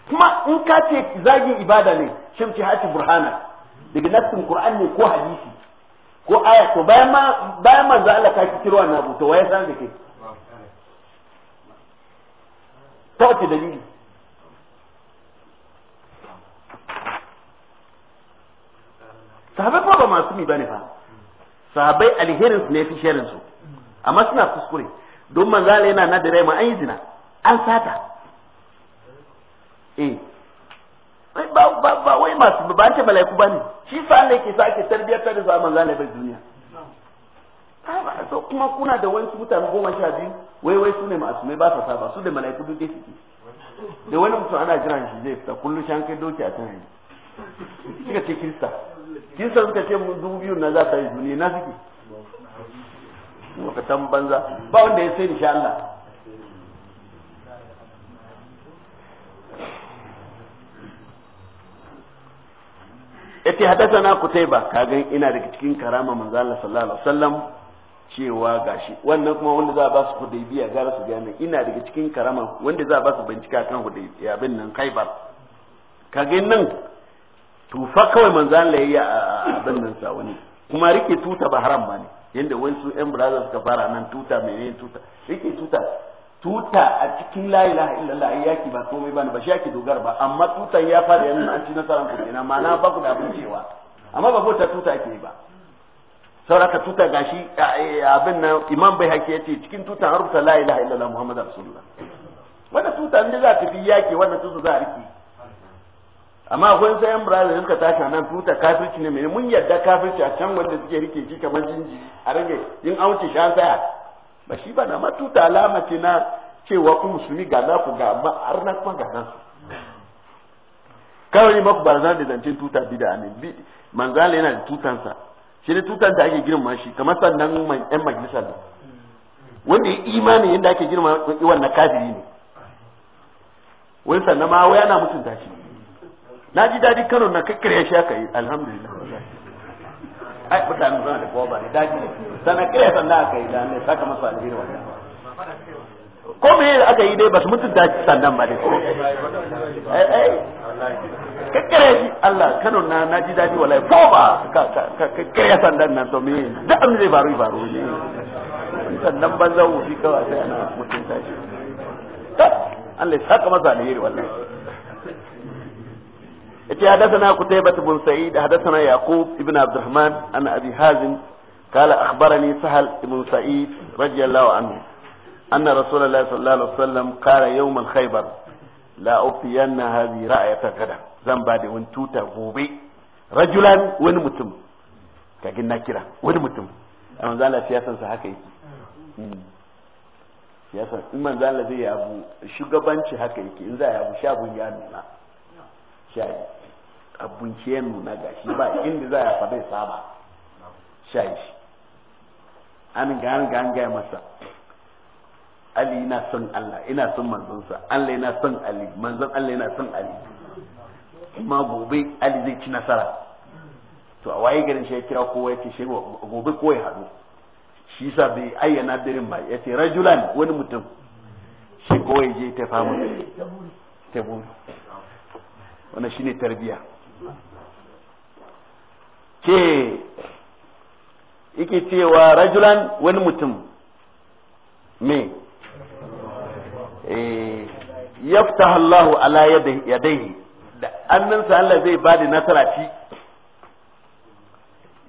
kuma in ka ce zagin ibada ne shimci hati burhana daga nassin Qur'an ne ko hadisi ko aya to bayan ma bayan manzo Allah ka kiro wannan abu to waye san da kai ta wace dalili sahabai kuma ba masu mi bane fa sahabai alherin su ne fi sharin su amma suna kuskure don manzala yana na da rai ma an yi zina an sata eh ba ba ba wai masu ba ce malaiku bane shi sa Allah yake sa ake tarbiyyar ta da sa manzala bai duniya ba so kuma kuna da wani mutane goma sha biyu wai wai su ne masu ba sa saba su da mala'iku duk dai suke da wani mutum ana jiran shi zai fita kullum shan kai doki a can suka ce kirista kirista suka ce mu dubu biyu na za ta yi duniya na suke wakatan banza ba wanda ya sai insha Allah yace hadathana kutaiba kagan ina daga cikin karama manzo Allah sallallahu alaihi wasallam cewa gashi wannan kuma wanda za a ba su hudaybiya gara su gane ina daga cikin karama wanda za a ba su bincika kan hudaybiya bin nan khaibar kage nan tufa kawai manzo Allah yayi a abin nan sa wani kuma rike tuta ba haram ba ne yanda wasu yan brother suka fara nan tuta mai menene tuta rike tuta tuta a cikin la ilaha illallah ai yaki ba komai ne ba shi yaki dogara ba amma tutan ya fara yana an ci nasaran ku kenan ma'ana ba ku da abin cewa amma ba ko ta tuta ake ba sauraka tuta gashi eh, abin nan imam bai hake ya ce cikin tutan an rubuta la ilaha illallah muhammad rasulullah wanda tuta ne za ta fi yaki wannan tuta za a riƙe. amma akwai sayan brazil da suka tashi nan tuta kafirci ne mai mun yadda kafirci a can wanda suke rike shi kamar jinji a rage yin auce shan saya ba shi ba na ma tuta alama ce na cewa ku musulmi ga za ku ga amma har na kuma ga nan kawai maku barazan da zancen tuta bida ne manzala yana da tutansa shi ne tutan da ake girma shi kamar sannan yan majalisar da wanda ya imani yadda ake girma na kafiri ne wani sannan ma waya na mutunta shi na ji daɗi kano na kakkar shi aka yi alhamdulillah ai mutane zana da kowa ba ne daji ne sannan kira sannan aka yi da ne saka masa alheri wannan ko me aka yi dai ba su mutunta sannan ba dai kakkare shi Allah Kano na na ji daji wallahi ko ba kakkare ya sandan nan to me da amin zai faru faru ne sannan ban zan wufi kawai sai ana mutunta shi Allah ya saka masa alheri wallahi yace hadathana kutaybah bin sa'id hadathana yaqub ibn abd alrahman an abi hazim قال أخبرني سهل بن سعيد رضي الله عنه أن رسول الله صلى الله عليه وسلم قال يوم الخيبر la ufiyanna hadhi ra'ayata gada zan ba da wani tuta gobe rajulan wani mutum ka gina kira wani mutum a manzala siyasan sa haka yake hmm. siyasan in manzala zai yi abu shugabanci haka yake in za a yi abu sha bun ya nuna sha abun shi ya nuna gashi ba inda za a bai saba sha shi an ga an ga an gaya masa ali yana son Allah ina son manzonsa Allah yana son ali manzon Allah yana son ali kuma gobe ali zai ci nasara to a waye garin shi ya kira kowa yake shi gobe ko ya hadu shi sa bai ayyana birin ba yace rajulan wani mutum shi ya je ta fama ta buru wannan shine tarbiya ke yake cewa rajulan wani mutum me Eh, yaftah Allahu ala yadayhi da annansa Allah zai ba da nasara fi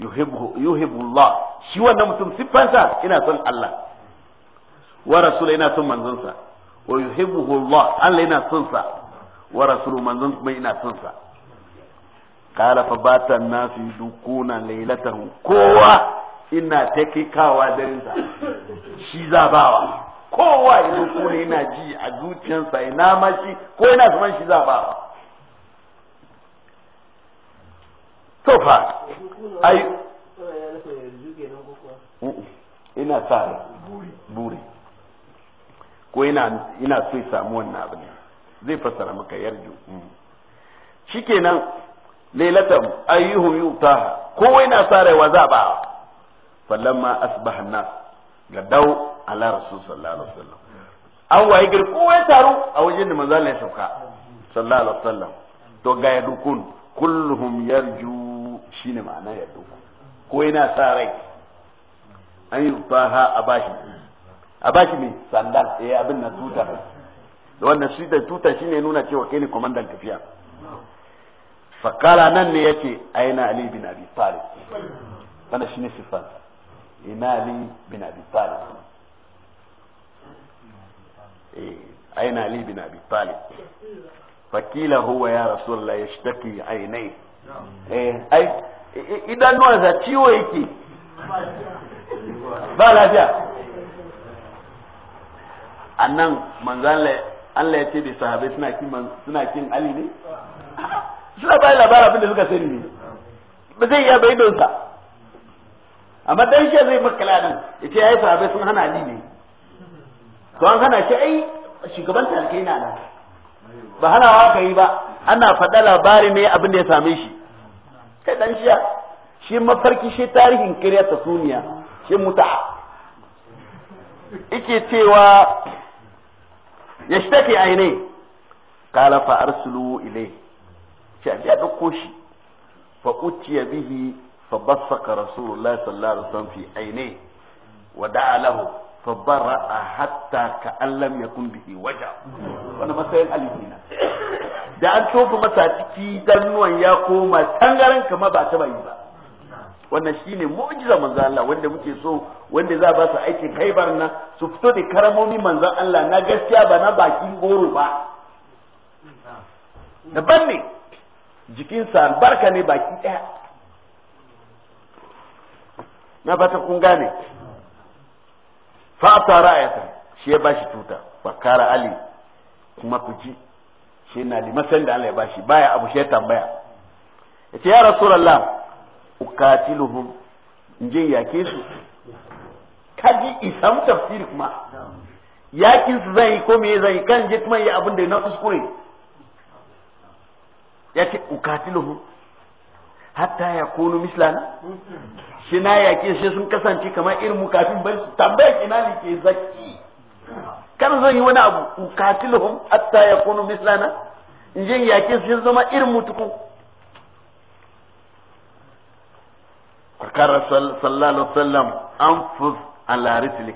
yuhibbu Allah shi wannan mutum siffansa ina son Allah wa rasul ina son manzonsa wa yuhibbu Allah Allah ina son sa wa rasul manzon kuma ina son sa qala fa bata an-nasu yudukuna laylatahu kowa ina take kawa darinsa shi zabawa kowa ya ko ne yana ji a zuciyarsa ina mashi ko yana saman shi za ba to fa ai ina sa buri ko ina ina so ya samu wannan abin da, zai fassara maka yarju mm. shikenan lailatan ayyuhum yuta Ko yana sa rai wa za ba falamma asbaha nas dau. ala rasul sallallahu alaihi wasallam an waye gari kowa ya taru a wajen da manzo Allah ya sauka sallallahu alaihi wasallam to ga ya dukun kulluhum yarju shine ma'ana ya dukun ko yana sa rai an yi faha a bashi a bashi mai sandal eh abin na tuta da wannan shi da tuta shine nuna cewa kai ne komandan tafiya fakara nan ne yake aina ali bin abi talib wannan shine sifan ina ali bin abi talib Eh, aina ali bin abi talib fakila huwa ya rasulullah yashtaki ainai eh ai idanuwa za ciwo yake ba lafiya annan manzan Allah ya ce da sahabai suna kin suna kin Ali ne suna bai labarin abin da suka sani ne ba zai iya bai don sa amma dan shi zai makala nan ya ce yayi sahabai sun hana Ali ne to an hana shi ai shugaban talikai na nan ba wa ka yi ba ana faɗa labari ne abin da ya same shi kai dan shiya shi mafarki shi tarihin kirya ta suniya shi muta ike cewa ya shi take aine kala fa arsulu ilai shi a ɗauko shi fa utiya bihi fa basaka rasulullahi sallallahu alaihi wasallam fi aine wa da'a lahu فبرأ حتى كأن لم يكن به وجع وانا matsayin alifina da an tofa masa ciki dannuwan ya koma tangaran kama ba ta yi ba wannan shine mu'jiza manzo Allah wanda muke so wanda za ba su aikin haibar nan su fito da karamomi Manzan Allah na gaskiya ba na bakin goro ba daban ne jikinsa albarka ne baki daya na fata kun gane fa ata ra'ayatan shi ya bashi tuta fa kara ali kuma ku ji shi na masan da Allah ya bashi baya abu shi ya tambaya yace ya rasulullah ukatiluhum inje yake su kaji isam tafsir kuma yakin su zai ko me zai kan je kuma ya abin da na kuskure yace ukatiluhum hatta yakunu mislan shi na yaƙe shi sun kasance kamar irin mu kafin bari su tambaya ina ne ke zaki kar zan yi wani abu ukatiluhum hatta yakunu mislana in je yaƙe sun zama irin mu tuku sallallahu alaihi wasallam anfus ala rijlik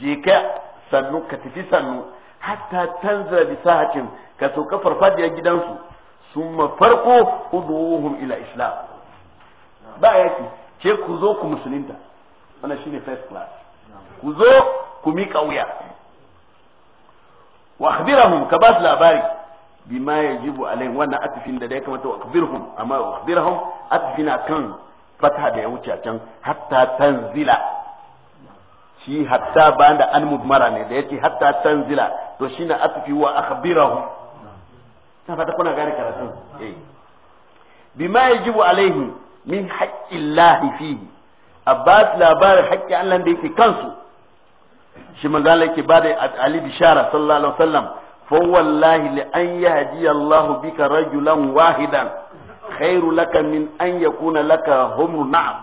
je ka sannu ka tafi sannu hatta tanzila bi sahatin ka sauka farfadiyar gidansu summa farko uduhum ila islam ba yake ce ku zo ku musulunta wannan shine first class ku zo ku mi kauya wa akhbirahum ka ba su labari bima yajibu alaihim wannan atifin da ya kamata wa akhbirhum amma wa akhbirahum atifina kan fata da ya wuce can hatta tanzila shi hatta ba da an mudmara ne da yake hatta tanzila to shine atifi wa akhbirahum ta fata kuna gane karatun eh bima yajibu alaihim min haƙƙin lahi fihi a ba su labarin haƙƙin Allah da yake kansu shi manzo Allah yake ba da Ali bishara sallallahu alaihi wasallam fa wallahi li an yahdi Allah bika rajulan wahidan khairu laka min an yakuna laka humru na'am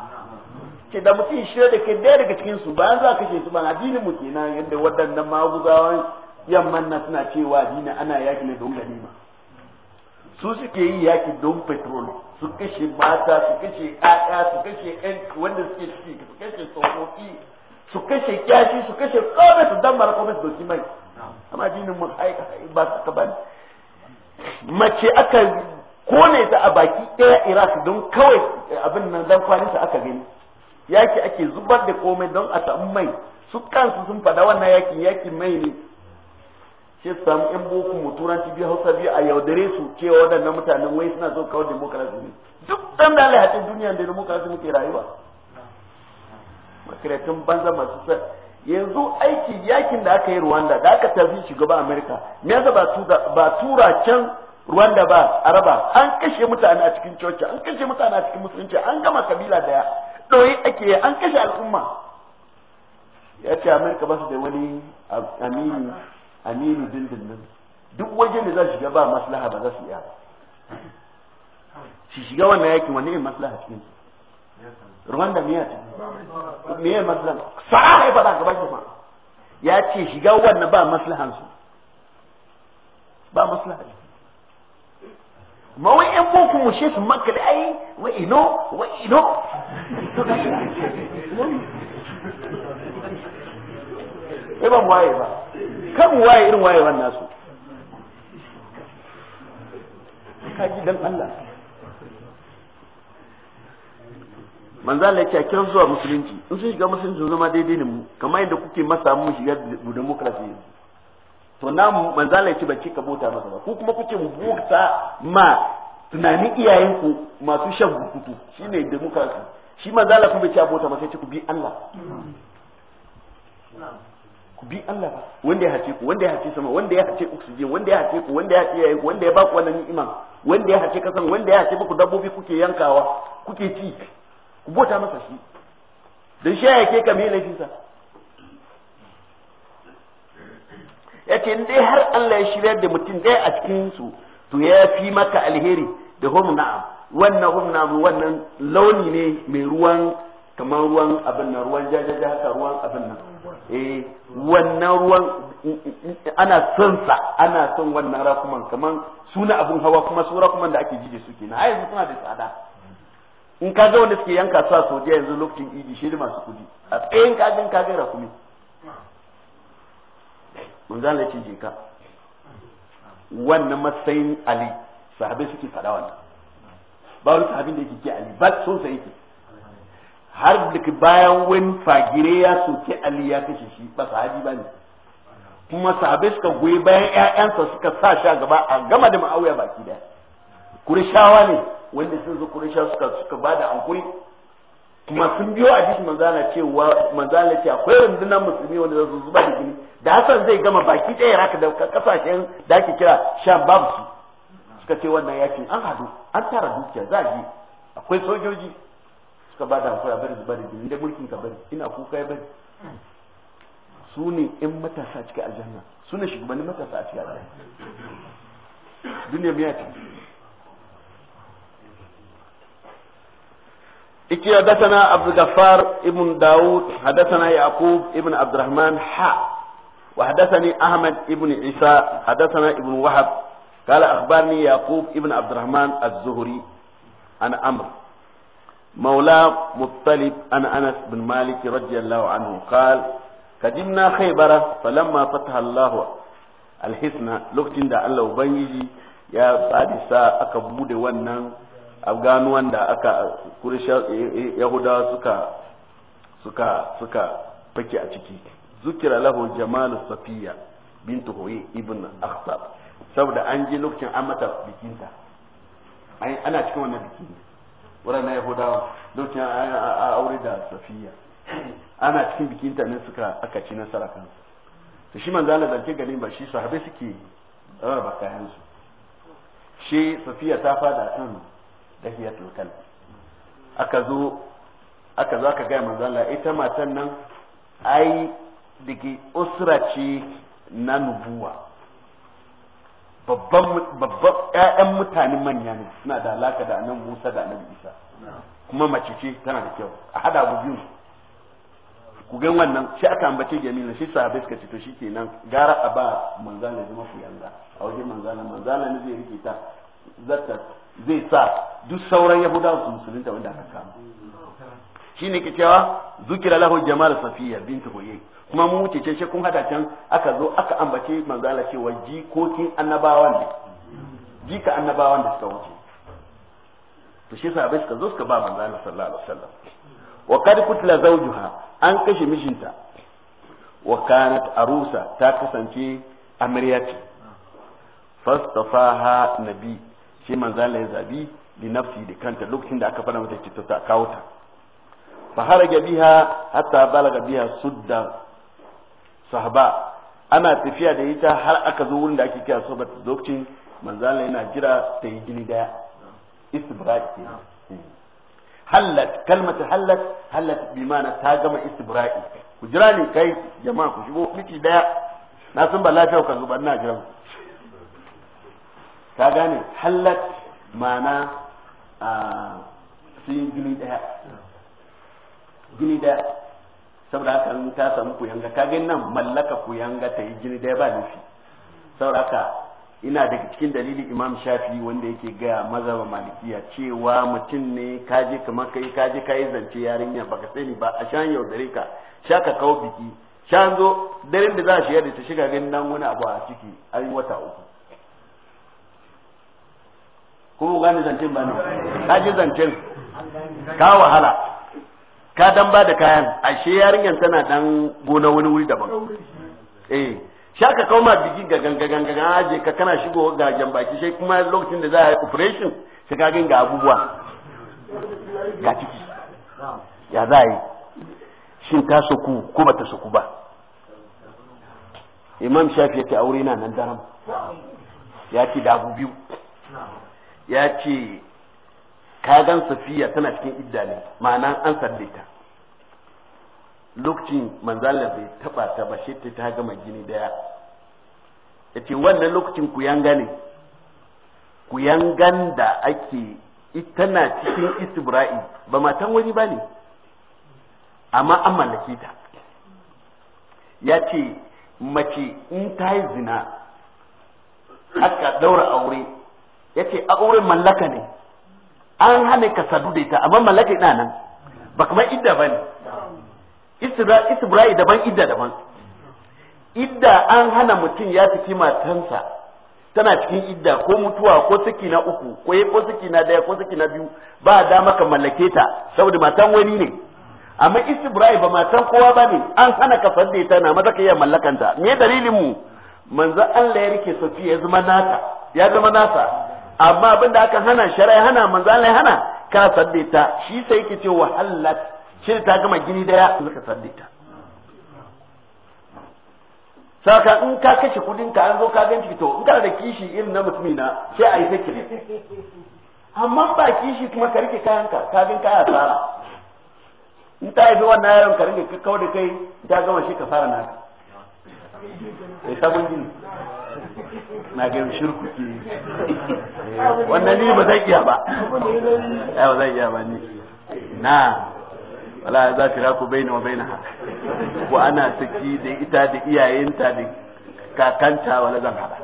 ce da mutum shirya da kai daya daga cikin su bayan za ka ce su ban addinin mu kenan yadda waɗannan maguzawan yamman na suna cewa addini ana yaki ne don ganima su suke yi yaki don petrol su kashe mata su kashe ƴaƴa su kashe ƴan wanda suke ciki su kashe tsofaffi su kashe kyashi su kashe kome su dan mara kome su doki mai amma jinin mun ai ba su ka bani mace aka kone ta a baki ɗaya iraq don kawai abin nan dan kwanin ta aka gani yaki ake zubar da komai don a samu mai su kansu sun fada wannan yakin yakin mai ne Sai su samu yan boko mu turanci biyu hausa biyu a yaudare su cewa waɗannan mutanen wai suna so kawo demokarasi ne duk ɗan da alhakin duniya da demokarasi muke rayuwa makaratun banza masu sa yanzu aiki yakin da aka yi Rwanda da aka tafi shugaba Amerika me yasa ba tura can Rwanda ba Araba an kashe mutane a cikin coci an kashe mutane a cikin musulunci an gama kabila daya ɗoyi ake an kashe al'umma ya ce Amurka ba su da wani amini aminu nan duk wajen da za shiga ba maslaha ba za su iya shi shiga wannan yakin wani maslaha cikin su Rwanda miya ya ce me ya maslaha sa'a ya faɗa gaba ma ya ce shiga wannan ba maslahan su ba maslaha ma wai 'yan boko mu shi su makka da ai wa ino wa ino sai ba mu waye ba kan waye irin wayewan nasu kaji dan Allah manzo Allah yake kiran zuwa musulunci in sun shiga musulunci sun zama daidai ne mu kamar yadda kuke masa mu shiga yanzu. to na manzo Allah yake bace ka bota masa ba ku kuma kuke mu bota ma tunanin iyayenku masu shan bukutu shine demokrasi shi manzo Allah kuma ya bota masa yace ku bi Allah bi Allah ba wanda ya hace ku wanda ya hace sama wanda ya hace oxygen wanda ya hace ku wanda ya hace yayi wanda ya ba ku wannan ni'ima wanda ya hace kasan wanda ya hace ku dabbobi kuke yankawa kuke ci ku bota masa shi dan shi yake ka me laifin sa yace in dai har Allah ya shirya da mutum dai a cikin su to ya fi maka alheri da hum na'am wannan hum na'am wannan launi ne mai ruwan kamar ruwan abin nan ruwan jajaja haka ruwan abin nan eh wannan ruwan ana son sa ana son wannan rakuman kaman suna abun hawa kuma su rakuman da ake jide su na har yanzu suna da tsada in ka ga wanda suke yanka su a sojiya yanzu lokacin idi shi masu kudi a tsayin kajin ka ga rakumi mun zan ce je ka wannan matsayin ali sahabai suke fada wannan ba wani sahabin da yake ke ali ba sun sa yake har da bayan wani fagire ya soke ali ya kashe shi ba sahabi ba ne kuma sahabai suka goyi bayan ƴaƴansa suka sa sha gaba a gama da ma'auya baki da kurishawa ne wanda sun zo kurisha suka suka ba da ankuri kuma sun biyo a jikin manzana cewa manzana ce akwai rundunar musulmi wanda zai zuba da gini da hasan zai gama baki ɗaya raka da kasashen da ake kira sha babu su suka ce wannan yakin an hadu an tara dukiya za a je akwai sojoji suka ba da hankula bari da bari da mulkin ka bari ina kuka ya bari su ne yan matasa cikin aljanna su ne shugabannin matasa a cikin aljanna duniya miya ce إكي حدثنا عبد الغفار ابن داود حدثنا يعقوب ابن عبد الرحمن حا وحدثني أحمد ابن عيسى حدثنا ابن وهب قال أخبرني يعقوب ابن عبد الرحمن الزهري عن مولى مطلب عن أنس بن مالك رضي الله عنه قال قدمنا خيبر فلما فتح الله الحسنى لوكتين دا الله وبنجي يا سادسا aka bude wannan afganuwan da aka kurisha yahudawa suka suka suka fake a ciki zukira lahu jamalu safiya bintu huyi ibn akhtab saboda an ji lokacin an mata bikinta ana cikin wannan bikin wurin na yahudawa lokacin a aure da safiya ana cikin bikin ta ne suka aka ci nasara kansu to shi manzo Allah zance ganin ba shi sahabbai suke rarraba kayan su shi safiya ta fada kan hiya tulkal aka zo aka zo aka ga manzo Allah ita matan nan ai dake usra ce na nubuwa babban babban ƴaƴan mutanen manya ne suna da alaka da annabi Musa da annabi Isa kuma mace ce tana da kyau a hada abu biyu ku gan wannan shi aka ambace jami'in shi sahabbai suka ce to shikenan gara a ba manzala zama ku yanga a wajen manzala manzala ne zai rike ta zata zai sa duk sauran yahudawa su musulunta wanda aka kama shine ke cewa zukira lahu jamal safiya binti huyay kuma mun wuce can kun hada can aka zo aka ambace manzo Allah cewa jikokin annabawan ne jika annabawan da suka wuce to shi sahabbai suka zo suka ba manzo Allah sallallahu alaihi wasallam wa kad kutla zawjuha an kashe mijinta wa kanat arusa ta kasance amriyati fastafaha nabi shi manzo Allah ya zabi li nafsi da kanta lokacin da aka fara mata ce ta kawo ta faharaja biha hatta balaga biha sudda sahaba ana tafiya da ita har aka zo wurin da ake kira sobat lokacin manzala yana jira ta yi jini daya istibra ke hallat kalmata hallat hallat bi mana ta gama istibra'i ku jira ne kai jama'a ku shigo miki daya na san ba lafiya ka zuba ina jira ka gane hallat mana a sun yi jini daya Gini daya saboda haka in ta samu kuyanga ka ga nan mallaka kuyanga ta yi jini daya ba nufi saboda haka ina daga cikin dalilin imam shafi wanda yake gaya mazhaban malikiya cewa mutum ne kaje kamar kai kaje kai zance yarinya baka sani ba a shan dare ka shaka kawo biki shan zo daren da za a yadda da ta shiga ganin nan wani abu a ciki ai wata uku kuma gane zancen ba ne kaje zancen ka wahala ka dan ba da kayan ashe yarinyar tana dan gona wani wuri daban eh sha ka kawo ma bigi ga ganga ganga ga aje ka kana shigo ga jambaki sai kuma lokacin da za a yi operation sai ka ga abubuwa ga ciki ya za a yi shin ta soku ko ba ta soku ba imam shafi ya ce aure na nan daram ya ce da abu biyu ya ce ka gan safiya tana cikin idda ne ma'ana an sadde ta lokacin manzala bai taba ta ba shi ta gama gini daya ce wannan lokacin ku yanga ne ku yangan da ake tana cikin istibra'i ba matan wani ba ne amma an mallake ta ya ce mace in ta yi zina aka daura aure ya ce aure mallaka ne an hana ka sadu da ita amma mallakai ina nan ba kamar idda ba ne isra'i daban idda daban idda an hana mutum ya fi matansa tana cikin idda ko mutuwa ko saki na uku ko ko saki na daya ko saki na biyu ba dama ka mallake ta saboda matan wani ne amma isra'i ba matan kowa ba ne an hana ka sadu da ita na maza ka iya mallakanta me dalilin mu manzo Allah ya rike Safiya ya zama nata ya zama nasa amma abin da aka hana shari'a hana manzan lai hana ka sadde ta shi sai yake ce wa halat shi ta gama gini daya ka sadde ta saka in ka kashe kudin ka an zo ka ganci to in kana da kishi irin na mutumi na sai a yi saki ne amma ba kishi kuma ka rike kayan ka ka bin kaya tsara in ta haifi wannan yaron ka rike kawo da kai ta gama shi ka fara naka eh sabon gini na ga shirku ke wannan ni ba zan iya ba ai ba zan iya ba ni na wala za ta raku baina wa baina ko ana saki da ita da iyayenta da kakanta wala zan hada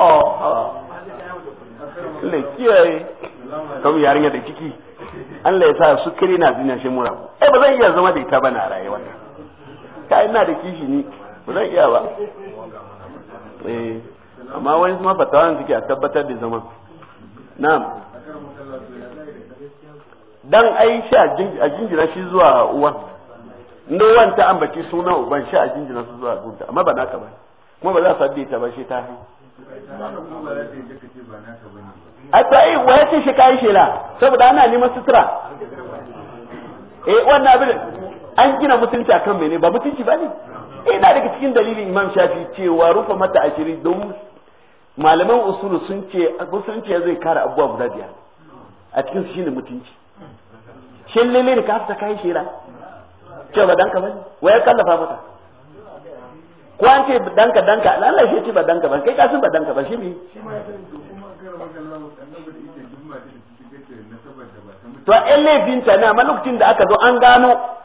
oh, oh. le kiyaye kamar yarinya da ciki Allah ya sa su kiri na zina shi mura eh ba zan iya zama da ita ba na rayuwa ta ina da kishi ni ba zan iya ba eh amma wani kuma fatawan suke a tabbatar da zama na'am dan ai sha a jinjina shi zuwa uwa no wan ta ambaci suna uban shi a jinjina su zuwa gunta amma ba naka ba kuma ba za su haddace ta ba shi ta a tsaye wa ya ce shi kayi shela saboda ana neman sutura eh wannan abin an gina mutunci akan mene ba mutunci ba ne ina daga cikin dalilin imam shafi cewa rufe mata ashiri don malaman usulu sun ce musulunci zai kara abubuwa guda biyar a cikin su shine mutunci shin lele ne ka hafta kai shira ce ba danka bane waya kallafa mata ko an ce danka danka Allah shi ce ba danka ba kai ka san ba danka ba shi ne to ɗan laifinta na malukcin da aka zo an gano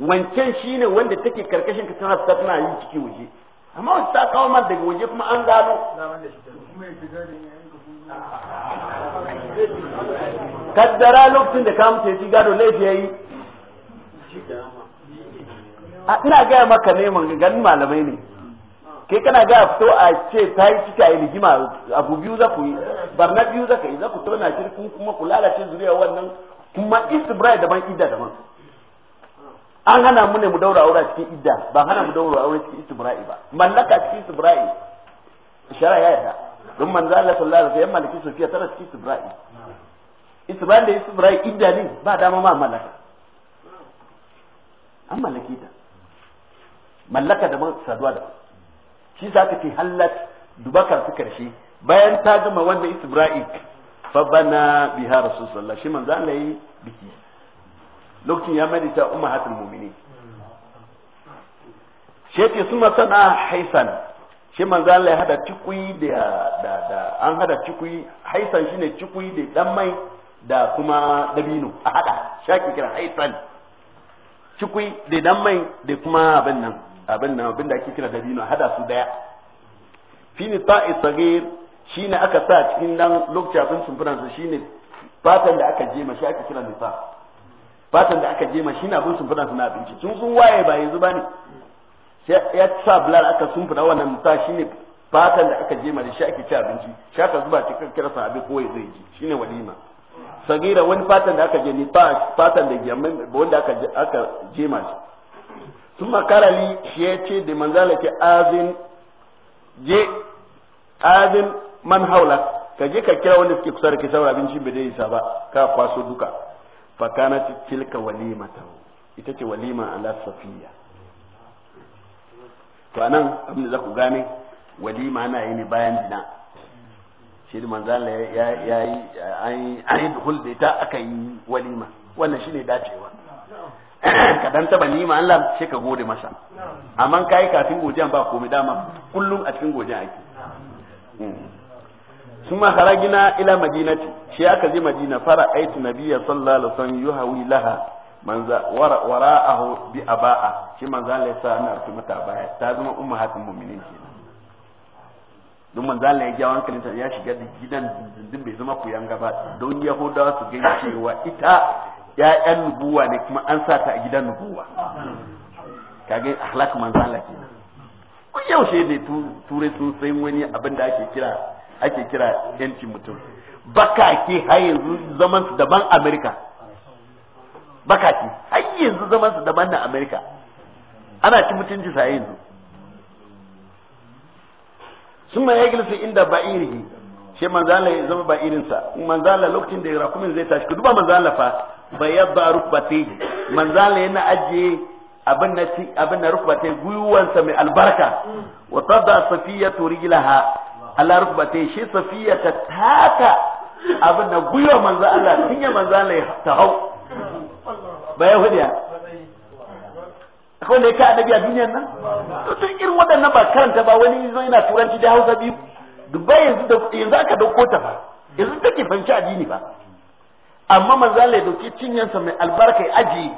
wancan shi ne wanda take karkashin ka tana ta tana yi ciki waje amma wasu ta kawo mar daga waje kuma an gano kaddara lokacin da ka mutu ya gado laifi ya yi a ina gaya maka neman ganin malamai ne ke kana gaya fito a ce ta yi cika yi rigima abu biyu za ku yi barna biyu za ka yi za ku tona shirkin kuma ku lalace zuriya wannan kuma istibrai daban ida daban an hana mu ne mu daura aure cikin idda ba hana mu daura aure cikin istibra'i ba mallaka cikin istibra'i shara ya yarda don manzo Allah sallallahu alaihi wasallam maliki sufiya tana cikin istibra'i istibra'i da istibra'i idda ne ba dama ma mallaka an mallaki ta mallaka da saduwa da shi za ce hallat dubakar su karshe bayan ta gama wannan istibra'i fa bana biha rasul sallallahu alaihi wasallam shi manzo Allah yi biki lokacin ya mai ta umma hatul mumini shi yake suna sana haisan shi manzo Allah ya hada cikui da da da an hada cikui haisan shine cikui da dan mai da kuma dabino a hada shaki kira haisan cikui da dan mai da kuma abin nan abin nan abin da ake kira dabino hada su daya fini ta'i sagir shine aka sa cikin dan lokacin abin sun shine fatan da aka je shi aka kira nisa fatan da aka jema shi na abin sun fada suna abinci sun sun waye ba yanzu ba ne sai ya sa bilal aka sun fada wannan sa shi ne fatan da aka jema da shi ake ci abinci shi aka zuba cikin kira sahabi ko zai ji shi ne walima sagira wani fatan da aka je ni fatan da ba wanda aka aka ma shi sun makarali shi ya ce da manzala ke azin je azin man haula ka je ka kira wanda suke kusa da ke saura abinci bai dai isa ba ka kwaso duka fakana tilka walimatan ita ce walima ala safiya to anan abin da za ku gane walima ana yi ne bayan dina shi da manzala ya yi an yi duhul da ita aka yi walima wannan shi ne dacewa ka dan taba nima Allah sai ka gode masa amma kai kafin godiyan ba komai dama kullum a cikin godiyan ake hmm. suma haragina ila madinati shi aka je madina fara aitu nabiyya sallallahu alaihi wasallam yuhawi laha manza wara'ahu bi aba'a shi manzo Allah ya sa ana rufe mata baya ta zama ummahatul mu'minin kenan don manzo Allah ya jawo hankalin ta ya shiga gidan din bai zama kuyan gaba don yahudawa su gani cewa ita ya'yan nubuwa ne kuma an sa ta a gidan nubuwa kage ahlak manzo Allah kenan kun yaushe ne ture sun san wani abin da ake kira ake kira yanci mutum bakake har yanzu zaman su daban amerika bakake har yanzu zaman su daban na amerika ana ci mutunci sa yanzu sun ma yagilsu inda ba'irihi shi manzala ya zama ba'irinsa manzala lokacin da ya rakumin zai tashi ku duba manzala fa ba rukbatihi manzala yana ajiye abin na rukwate guyuwansa mai albarka da tada turi rijlaha Allah ta shi safiya ta taka abin da gwiwa manzo Allah ya manzo Allah ta hau ba ya? akwai ne ka annabi a duniya nan to tun irin waɗannan ba karanta ba wani zo yana turanci da Hausa biyu Dubai yanzu da yanzu aka dauko ta ba yanzu take fanci addini ba amma manzo Allah ya dauki cinyansa mai albarka ya aji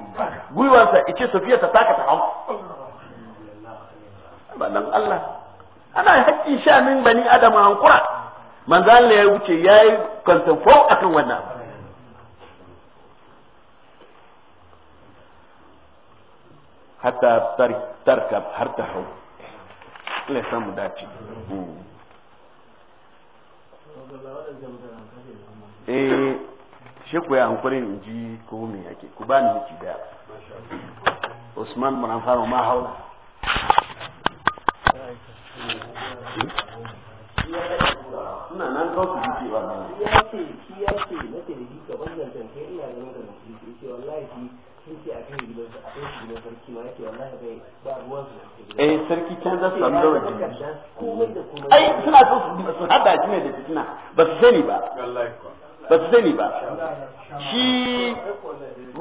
gwiwansa ya ce safiya ta taka ta hau ba dan Allah ana haƙƙi sha min bani adam kura manzo Allah ya wuce yayi kontanfo akan wannan abu hatta tarkab har ta hau Allah samu dace hmm. eh shi ku ya hankurin in ji ko me yake ku ba ni ciki da Usman mun fara ma haula suna nan kawai su jike ba nan ya ce shi ya ce na ce da jika wannan tanke ina ganin da na jike ya ce wallahi shi sun ce a kan gidan su a kan su gidan sarki ma ya ce wallahi bai ba ruwan su eh sarki can za su samu da wajen ai suna so su hada shi ne da fitina ba su sani ba ba su sani ba shi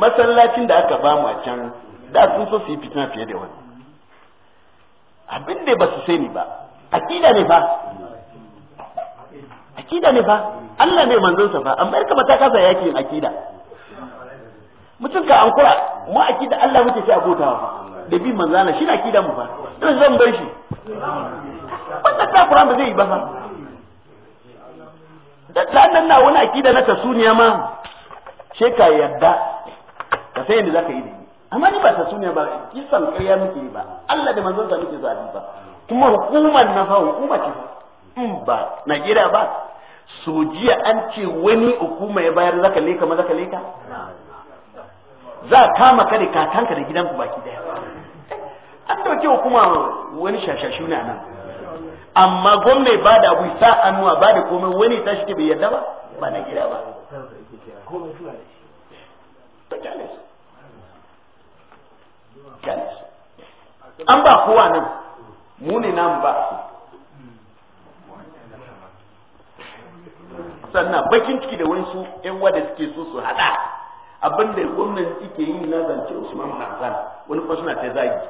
masallacin da aka ba mu a can da sun so su yi fitina fiye da wani abin da ba su sani ba akida ne ba. akida ne fa Allah ne manzon sa fa Amerika ka ta kasa yakin akida mutum ka ankura mu akida Allah muke shi abotawa fa da bi manzana shi na akida mu fa dan zan bar shi wannan Qur'an ba zai yi ba fa da tsanan na wani akida na tasuniya ma she ka yadda ka sai yadda zaka yi da amma ni ba tasuniya ba kisan ƙarya muke ba Allah da manzon sa muke zabi ba kuma hukumar na fa hukuma ce in hmm, ba Najeriya ba so jiya an ce wani hukuma ya bayar zaka leka ma zaka leka za kama ka da katanka da gidanku baki daya an dauke hukuma wani shashashu na nan amma gwamnati ba da abu sa annuwa ba da komai wani ta shi ke bai yarda ba ba na gida ba an ba kowa nan mu ne namu ba sannan bakin ciki da wasu yan wadda suke so su hada abin da gwamnan yake yi na zance Usman Hassan wani fa suna ta zagi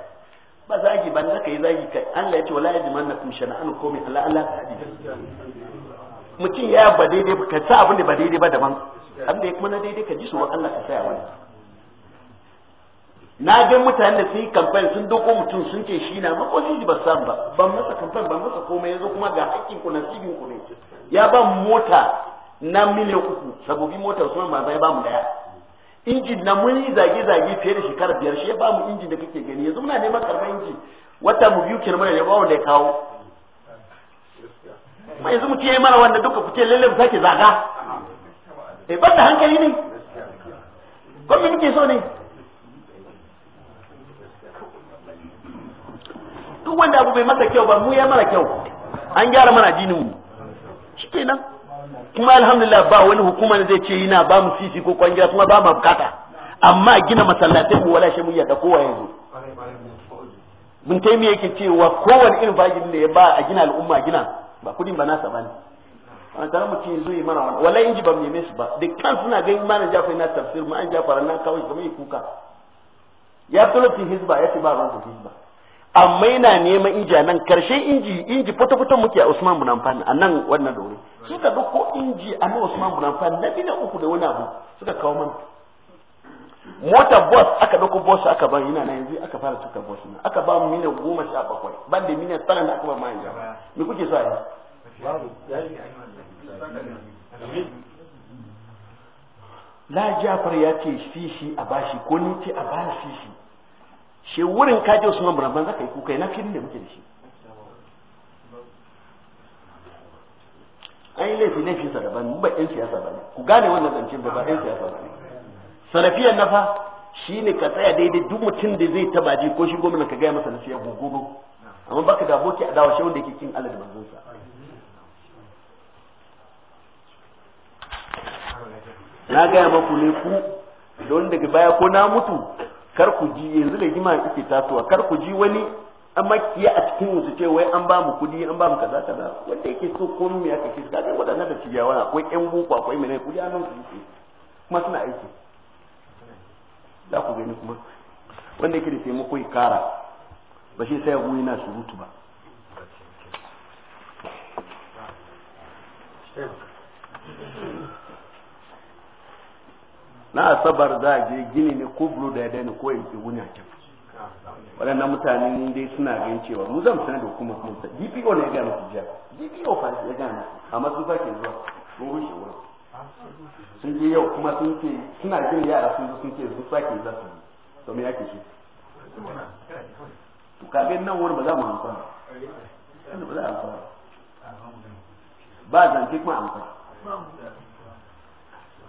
ba zagi ba da yi zagi kai An ya ce wala na kuma shana'an qawmi Allah Allah ta hadi mutum ya ba daidai ba, ka sa abin da ba daidai ba daban abin da kuma na daidai ka ji su Allah ka saya wani na ga mutanen da sun yi kamfani sun doko mutum sun ce shi na da ba samu ba ban masa kamfani ban masa komai yanzu kuma ga hakkin ku nasibin ku ne ya ban mota na miliyan uku sabobi motar suna mazai ba mu daya injin na mun yi zage-zage fiye da shekara biyar shi ba mu injin da kake gani yanzu muna neman karɓar injin wata mu biyu kenan mana ba da ya kawo ma yanzu mu ce mana wanda duka fice lalle mu sake zaga eh ba da hankali ne ko me muke so ne duk wanda abu bai masa kyau ba mu ya mara kyau an gyara mana addinin mu shikenan kuma alhamdulillah ba wani hukuma ne zai ce yana ba mu sisi ko kwangila kuma ba mu bukata amma gina masallatai mu wala shi mu yadda kowa yanzu mun taimi yake cewa kowane irin fajin da ya ba a gina al'umma gina ba kudin ba nasa bane an tara mu ce zo yi mana wannan wallahi inji ba mu neme su ba da kan suna ganin mana jafai na tafsir mu an jafara nan kawai kamar kuka ya fito lokacin hizba ya ce ba ran hizba amma yana neman inji nan karshe inji inji fito fito muke a Usman bin Affan a nan wannan dole suka ga ko inji a nan Usman bin Affan na bi na uku da wani abu suka kawo mana mota bus aka dauko bus aka ba yana nan yanzu aka fara tuka bus nan aka ba mu mina goma sha bakwai ban da mina tsara da aka ba mai jama'a me kuke so a yi la jafar ya ce shi shi a bashi ko ni ce a bashi shi shi wurin kaji Usman bin Affan zaka yi kuka na filin da muke da shi ai laifi laifi sa daban mu ba ɗan siyasa ba ku gane wannan zance ba ba ɗan siyasa ba salafiyan nafa shine ka tsaya daidai duk mutum da zai taba ji ko shi gwamnati ka gaya masa nasiya gogogo amma baka da boki a dawashe wanda yake kin Allah da manzon sa na gaya maku ne ku don daga baya ko na mutu kar ku ji yanzu da jima kuke tasowa kar ku ji wani amma kiya a cikin wasu ce wai an ba mu kudi an ba mu kaza kaza wanda yake so ko mu ya kace ga dai wadannan da yawa akwai yan boko akwai mene kudi an nan kudi kuma suna aiki za ku gani kuma wanda yake da taimako ya kara ba shi sai ya na surutu ba Thank you. na asabar za a je gini ne ko bulu da ya ne ko yanke wuni a can waɗannan mutane dai suna gan cewa mu zan sanar da hukumar kuma sa dpo ne ya gaya musu jiya dpo fa ya gaya musu amma sun sake zuwa sun rushe wurin sun je yau kuma sun ce suna gini yara sun zo sun ce sun sake za su yi to me yake shi to kaga nan wurin ba za mu amfana ba za a amfana ba zance kuma amfana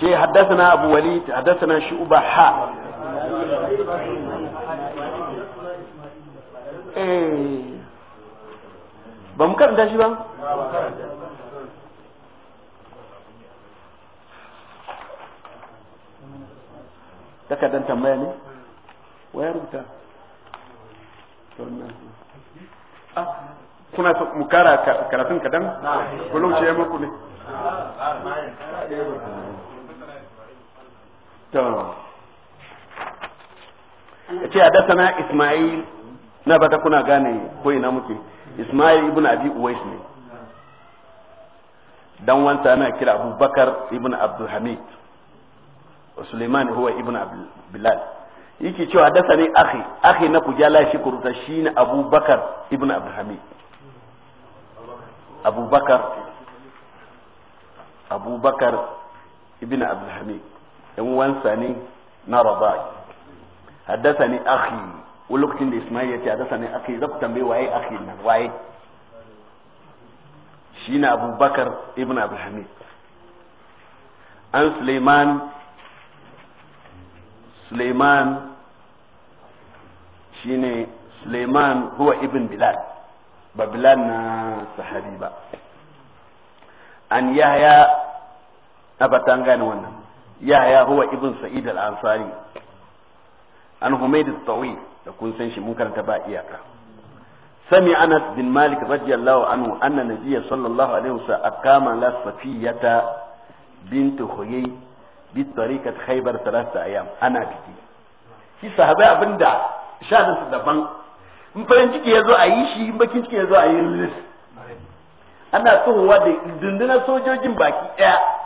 ce haddasana abu na haddasana uba ha eh. ba mu karanta shi ba takardar tambaya ne waya rubuta ah, kuna mu kara karatun kadan kullum ce ya maku ne yace hadathana isma'il na bata kuna gane ko ina muke isma'il ibn abi uwais ne dan wanta ana kira abubakar ibn abdul hamid wa suleiman huwa ibn bilal yake cewa hadathani akhi akhi na ku jala shi kuruta shine abubakar ibn abdul hamid abubakar abubakar ibn abdul hamid dan wansa ne na rabai haddasani akhi wani lokacin da Ismail ya ce haddasani akhi za ku tambaye waye akhi nan waye shine Abubakar ibn Abdul Hamid an Suleiman Suleiman shine Suleiman huwa ibn Bilal ba Bilal na sahabi ba an Yahya a gane wannan Yahaya huwa ibn sa'id al-ansari an humayd al-tawi da kun san shi mun karanta ba iyaka sami anas bin malik radiyallahu anhu anna nabiyya sallallahu alaihi wasallam aqama la safiyata bint huyay bi tariqat khaybar thalatha ayyam ana biki shi sahabai abinda shanin su daban in farin ciki yazo a yi shi in bakin a yi ana tsohuwa da dundunar sojojin baki daya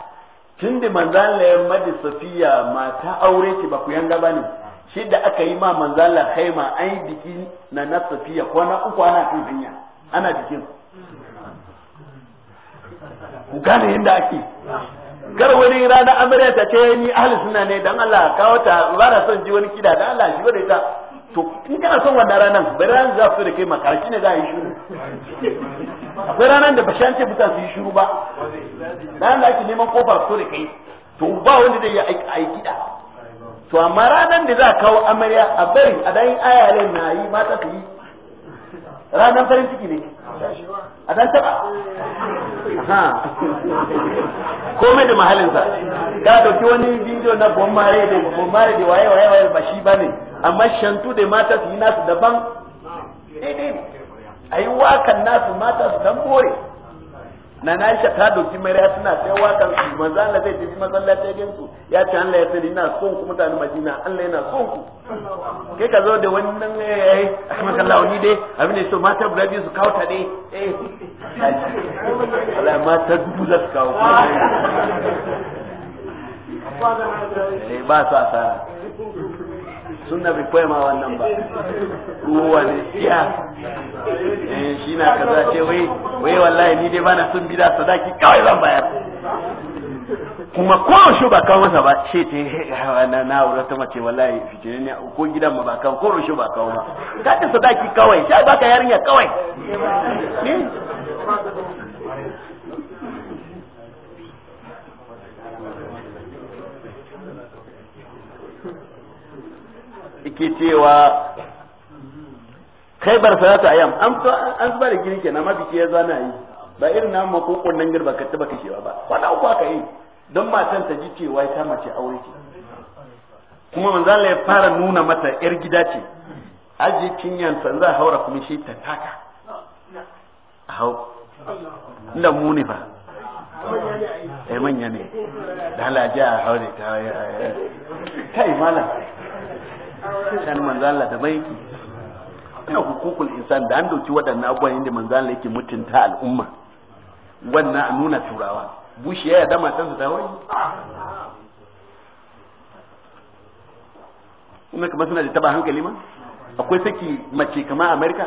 tun da manzala ya madi safiya mata aure ki ba ku yanga ba ne shi da aka yi ma manzala haima an yi biki na na safiya kwana uku ana kan hanya ana bikin ku gane yadda ake kar wani rana amarya ta ce ni ahli suna ne dan Allah kawo ta ba na son ji wani kida dan Allah shi da ita to in kana son wannan ranan bari ran za su da kai makarki ne za a yi shuru akwai ranar da bashan ce fita su yi shiru ba ranar da ake neman kofa fito da kai to ba wanda zai yi aiki da to amma ranar da za a kawo amarya a bari a dan ayare na yi mata su yi ranar farin ciki ne a dan taba komai da mahalinsa ga dauki wani bidiyo na bomare da bomare da waye waye waye ba shi bane amma shantu da mata su yi nasu daban daidai ai wakan nasu mata su dan more na na aisha ta doki mariya tana sai wakan su manzo Allah zai tafi masallaci gidan su ya ce Allah ya sani ina son ku mutanen Madina Allah yana son ku kai ka zo da wannan eh makallahu wani dai abin da so mata guda biyu su kawo ta dai eh Allah mata dubu za su kawo eh, ba su asara suna bai koya ma wannan ba ruwa ne siya eh shi na kaza ce wai wai wallahi ni dai bana son bida sadaki kawai zan bayar kuma ko shi ba kawo masa ba ce te na na wura ta mace wallahi fitine ne ko gidan ma ba kan ko shi ba kawo ba ka ta sadaki kawai sai baka yarinya kawai eh. ke cewa khaibar salatu ayyam an so an zuba da girki na mafi ke na yi ba irin na ma kokon nan girba ka taba kashewa ba da uku aka yi don matan ta ji cewa ta mace aure ce kuma manzo Allah ya fara nuna mata yar gida ce aji cinyan san za haura kuma shi ta taka hau inda mu ne ba ai eh, manya ne da haure ta kai malam shan manzo Allah da baiki ina hukukul insan da an dauki waɗannan abubuwan inda manzo Allah yake mutunta al'umma wannan a nuna turawa bushi ya yada matansa ta wani kuma kamar suna da taba hankali ma akwai saki mace kama amerika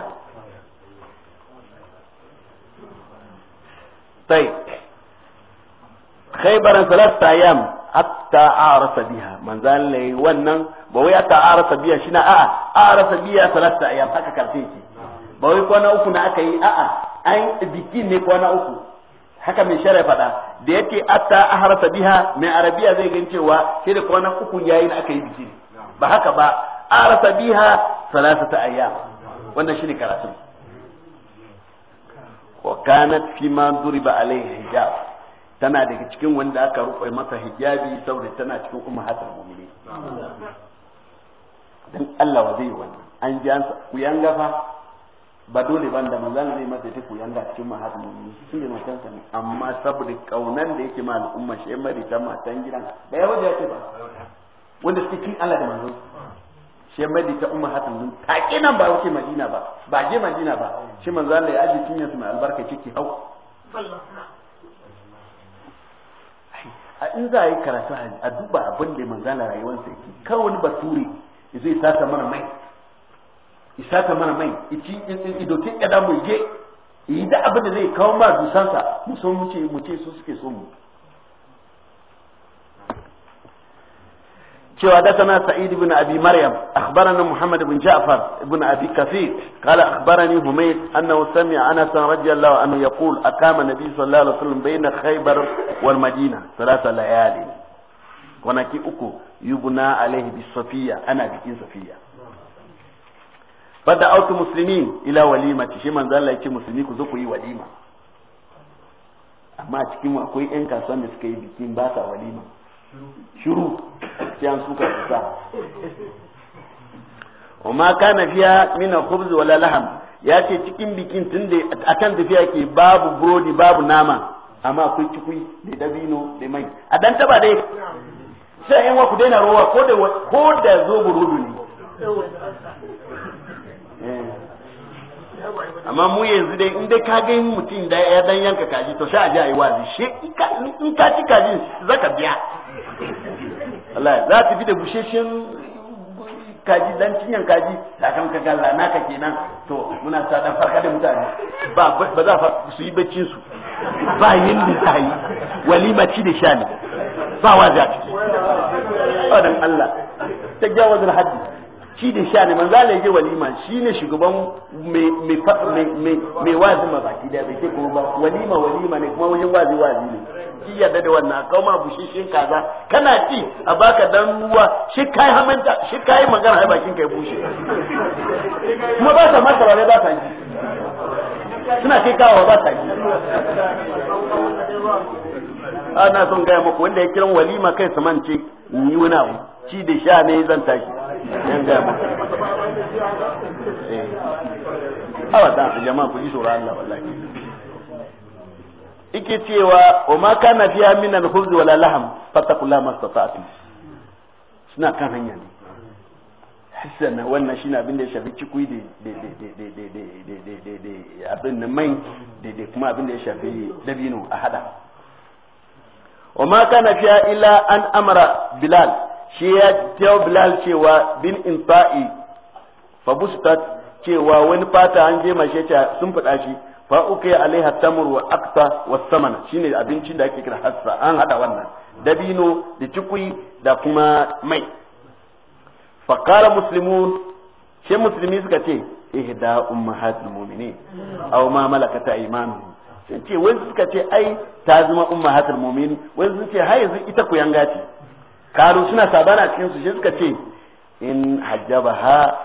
sai khaybaran salat ayyam hatta a'rafa biha manzan lai wannan ba wai aka ara biya shi na a'a ara biya salasa ya haka karfe ce ba wai kwana uku na aka yi a'a an bikin ne kwana uku haka mai share faɗa da yake atta ahara sabiha mai arabiya zai gan cewa shi da kwana uku yayi na aka yi biki ba haka ba arasa salasa salasata ayyam wannan shine karatun wa kanat fi ma duriba alaihi hijab tana daga cikin wanda aka rufe masa hijabi saboda tana cikin ummatul mu'minin dan Allah wa zai wannan an ji an ku yanga fa ba dole ban da manzan zai masa ta ku yanga cikin mahadin mu. shi ne matansa ne amma saboda kaunan da yake ma al'umma shi mai bari ta tan gidan ba ya yake ba wanda suke kin Allah da manzon shi mai bari ta umma hatan dun take nan ba wuce Madina ba ba je Madina ba shi manzan da ya aje cinyarsa mai albarka ciki hau in za a yi karatu a duba abin da manzana rayuwarsa yake kawai wani bature zai sata mana mai isata mana mai ici idokin kada mu je yi da abin da zai kawo ma dusansa mu so mu ce mu ce su suke so mu cewa da sana sa'id ibn abi maryam akhbarana muhammad ibn ja'far ibn abi kafir qala akhbarani humayd annahu sami'a anas radiyallahu anhu yaqul aqama nabi sallallahu alaihi wasallam bayna khaybar wal madina thalatha layali kwanaki uku yubna alaihi bi safiya ana bikin safiya bada autu muslimin ila walima shi manzo Allah yake musulmi ku zo ku yi walima amma cikin mu akwai yan kasuwan da suka yi bikin ba sa walima shiru kiyan suka fita وما كان فيها من الخبز ولا لحم ya ce cikin bikin tun da a kan tafiya ke babu burodi babu nama amma akwai cikui da dabino da mai a dan taba dai sai yan ku daina rowa ko da ko da zo burudu ne eh. amma mu yanzu dai in dai ka ga mutum da ya dan yanka kaji to sha aje ayi wazi she in ka ci kaji zaka biya Allah za ta fi da busheshen kaji dan cinyan kaji ka galla naka kenan to muna sa dan farka da mutane ba ba za su yi baccin su ba yin da ta yi walima ci da shani ba wa za ba dan Allah haddi shi da sha ne manzo Allah ya walima walima shine shugaban mai wazi ma baki da bai ce kuma walima walima ne kuma wajen wazi wazi ne ki yadda da wannan kawo ma busheshen kaza kana ci a baka dan ruwa shi kai hamanta shi kai magana ai bakin kai bushe kuma ba ta masa bare ba ta ji suna kai kawo ba ta ji ana son gaya muku, wanda ya kiran walima kai su mance ni wuna ci da sha ne zan tashi yan gaya awa ta su jama'a ku ji tsoron Allah wallahi ike cewa o ma kana fiya minan khubz wala laham fattaqullaha mastata'tum suna kan hanya ne sannan wannan shi abin da ya shafi cikui da abin da mai da kuma abin da ya shafi dabino a haɗa. wa ma kana fiya illa an amara bilal shi ya jawo bilal cewa bin infa'i fa cewa wani fata an je mashe ta sun fada shi fa ukai alaiha tamur wa akta wa saman shine abincin da ake kira hassa an hada wannan dabino da cikui da kuma mai fa qala muslimun shi musulmi suka ce ihda ummahatul mu'minin aw ma malakat aymanuhum sun ce wani suka ce ai ta zama umma hatar mumini wani sun ce har yanzu ita ku yanga ce karu suna sabana a cikin su shi suka ce in hajjaba ha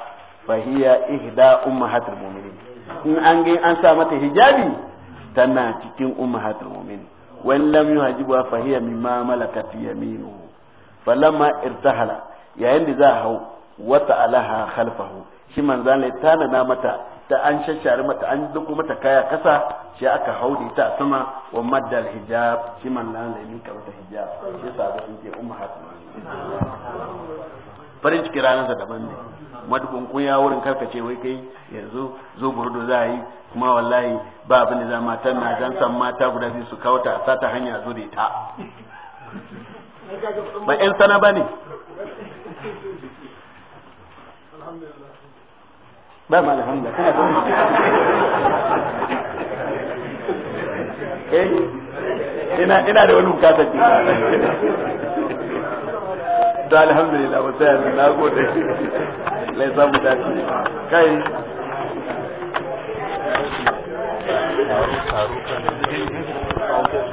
fahiya ihda umma hatar mumini in an ga an sa mata hijabi tana cikin umma hatar mumini wani lam yuhajibu fahiya mimma malakat yaminu falamma irtahala yayin da za a hau wata alaha khalfahu shi manzan lai tana mata ta an shashare mata an duku mata kaya kasa shi aka haure ta sama wa maddal hijab shi man nan da mika mata hijab shi sabu sun ke umma hatima farin ciki ranar da daban ne madubin kunya wurin karkace wai kai yanzu zo burdo za yi kuma wallahi ba abin da za matan na jan san mata guda biyu su kawo ta a sata hanya zo da ta ba 'yan sana ba ne ba ma hamla kana ba eh ina ina da wani bukatar ce da alhamdulillah wa sai na gode lai samu dace kai Thank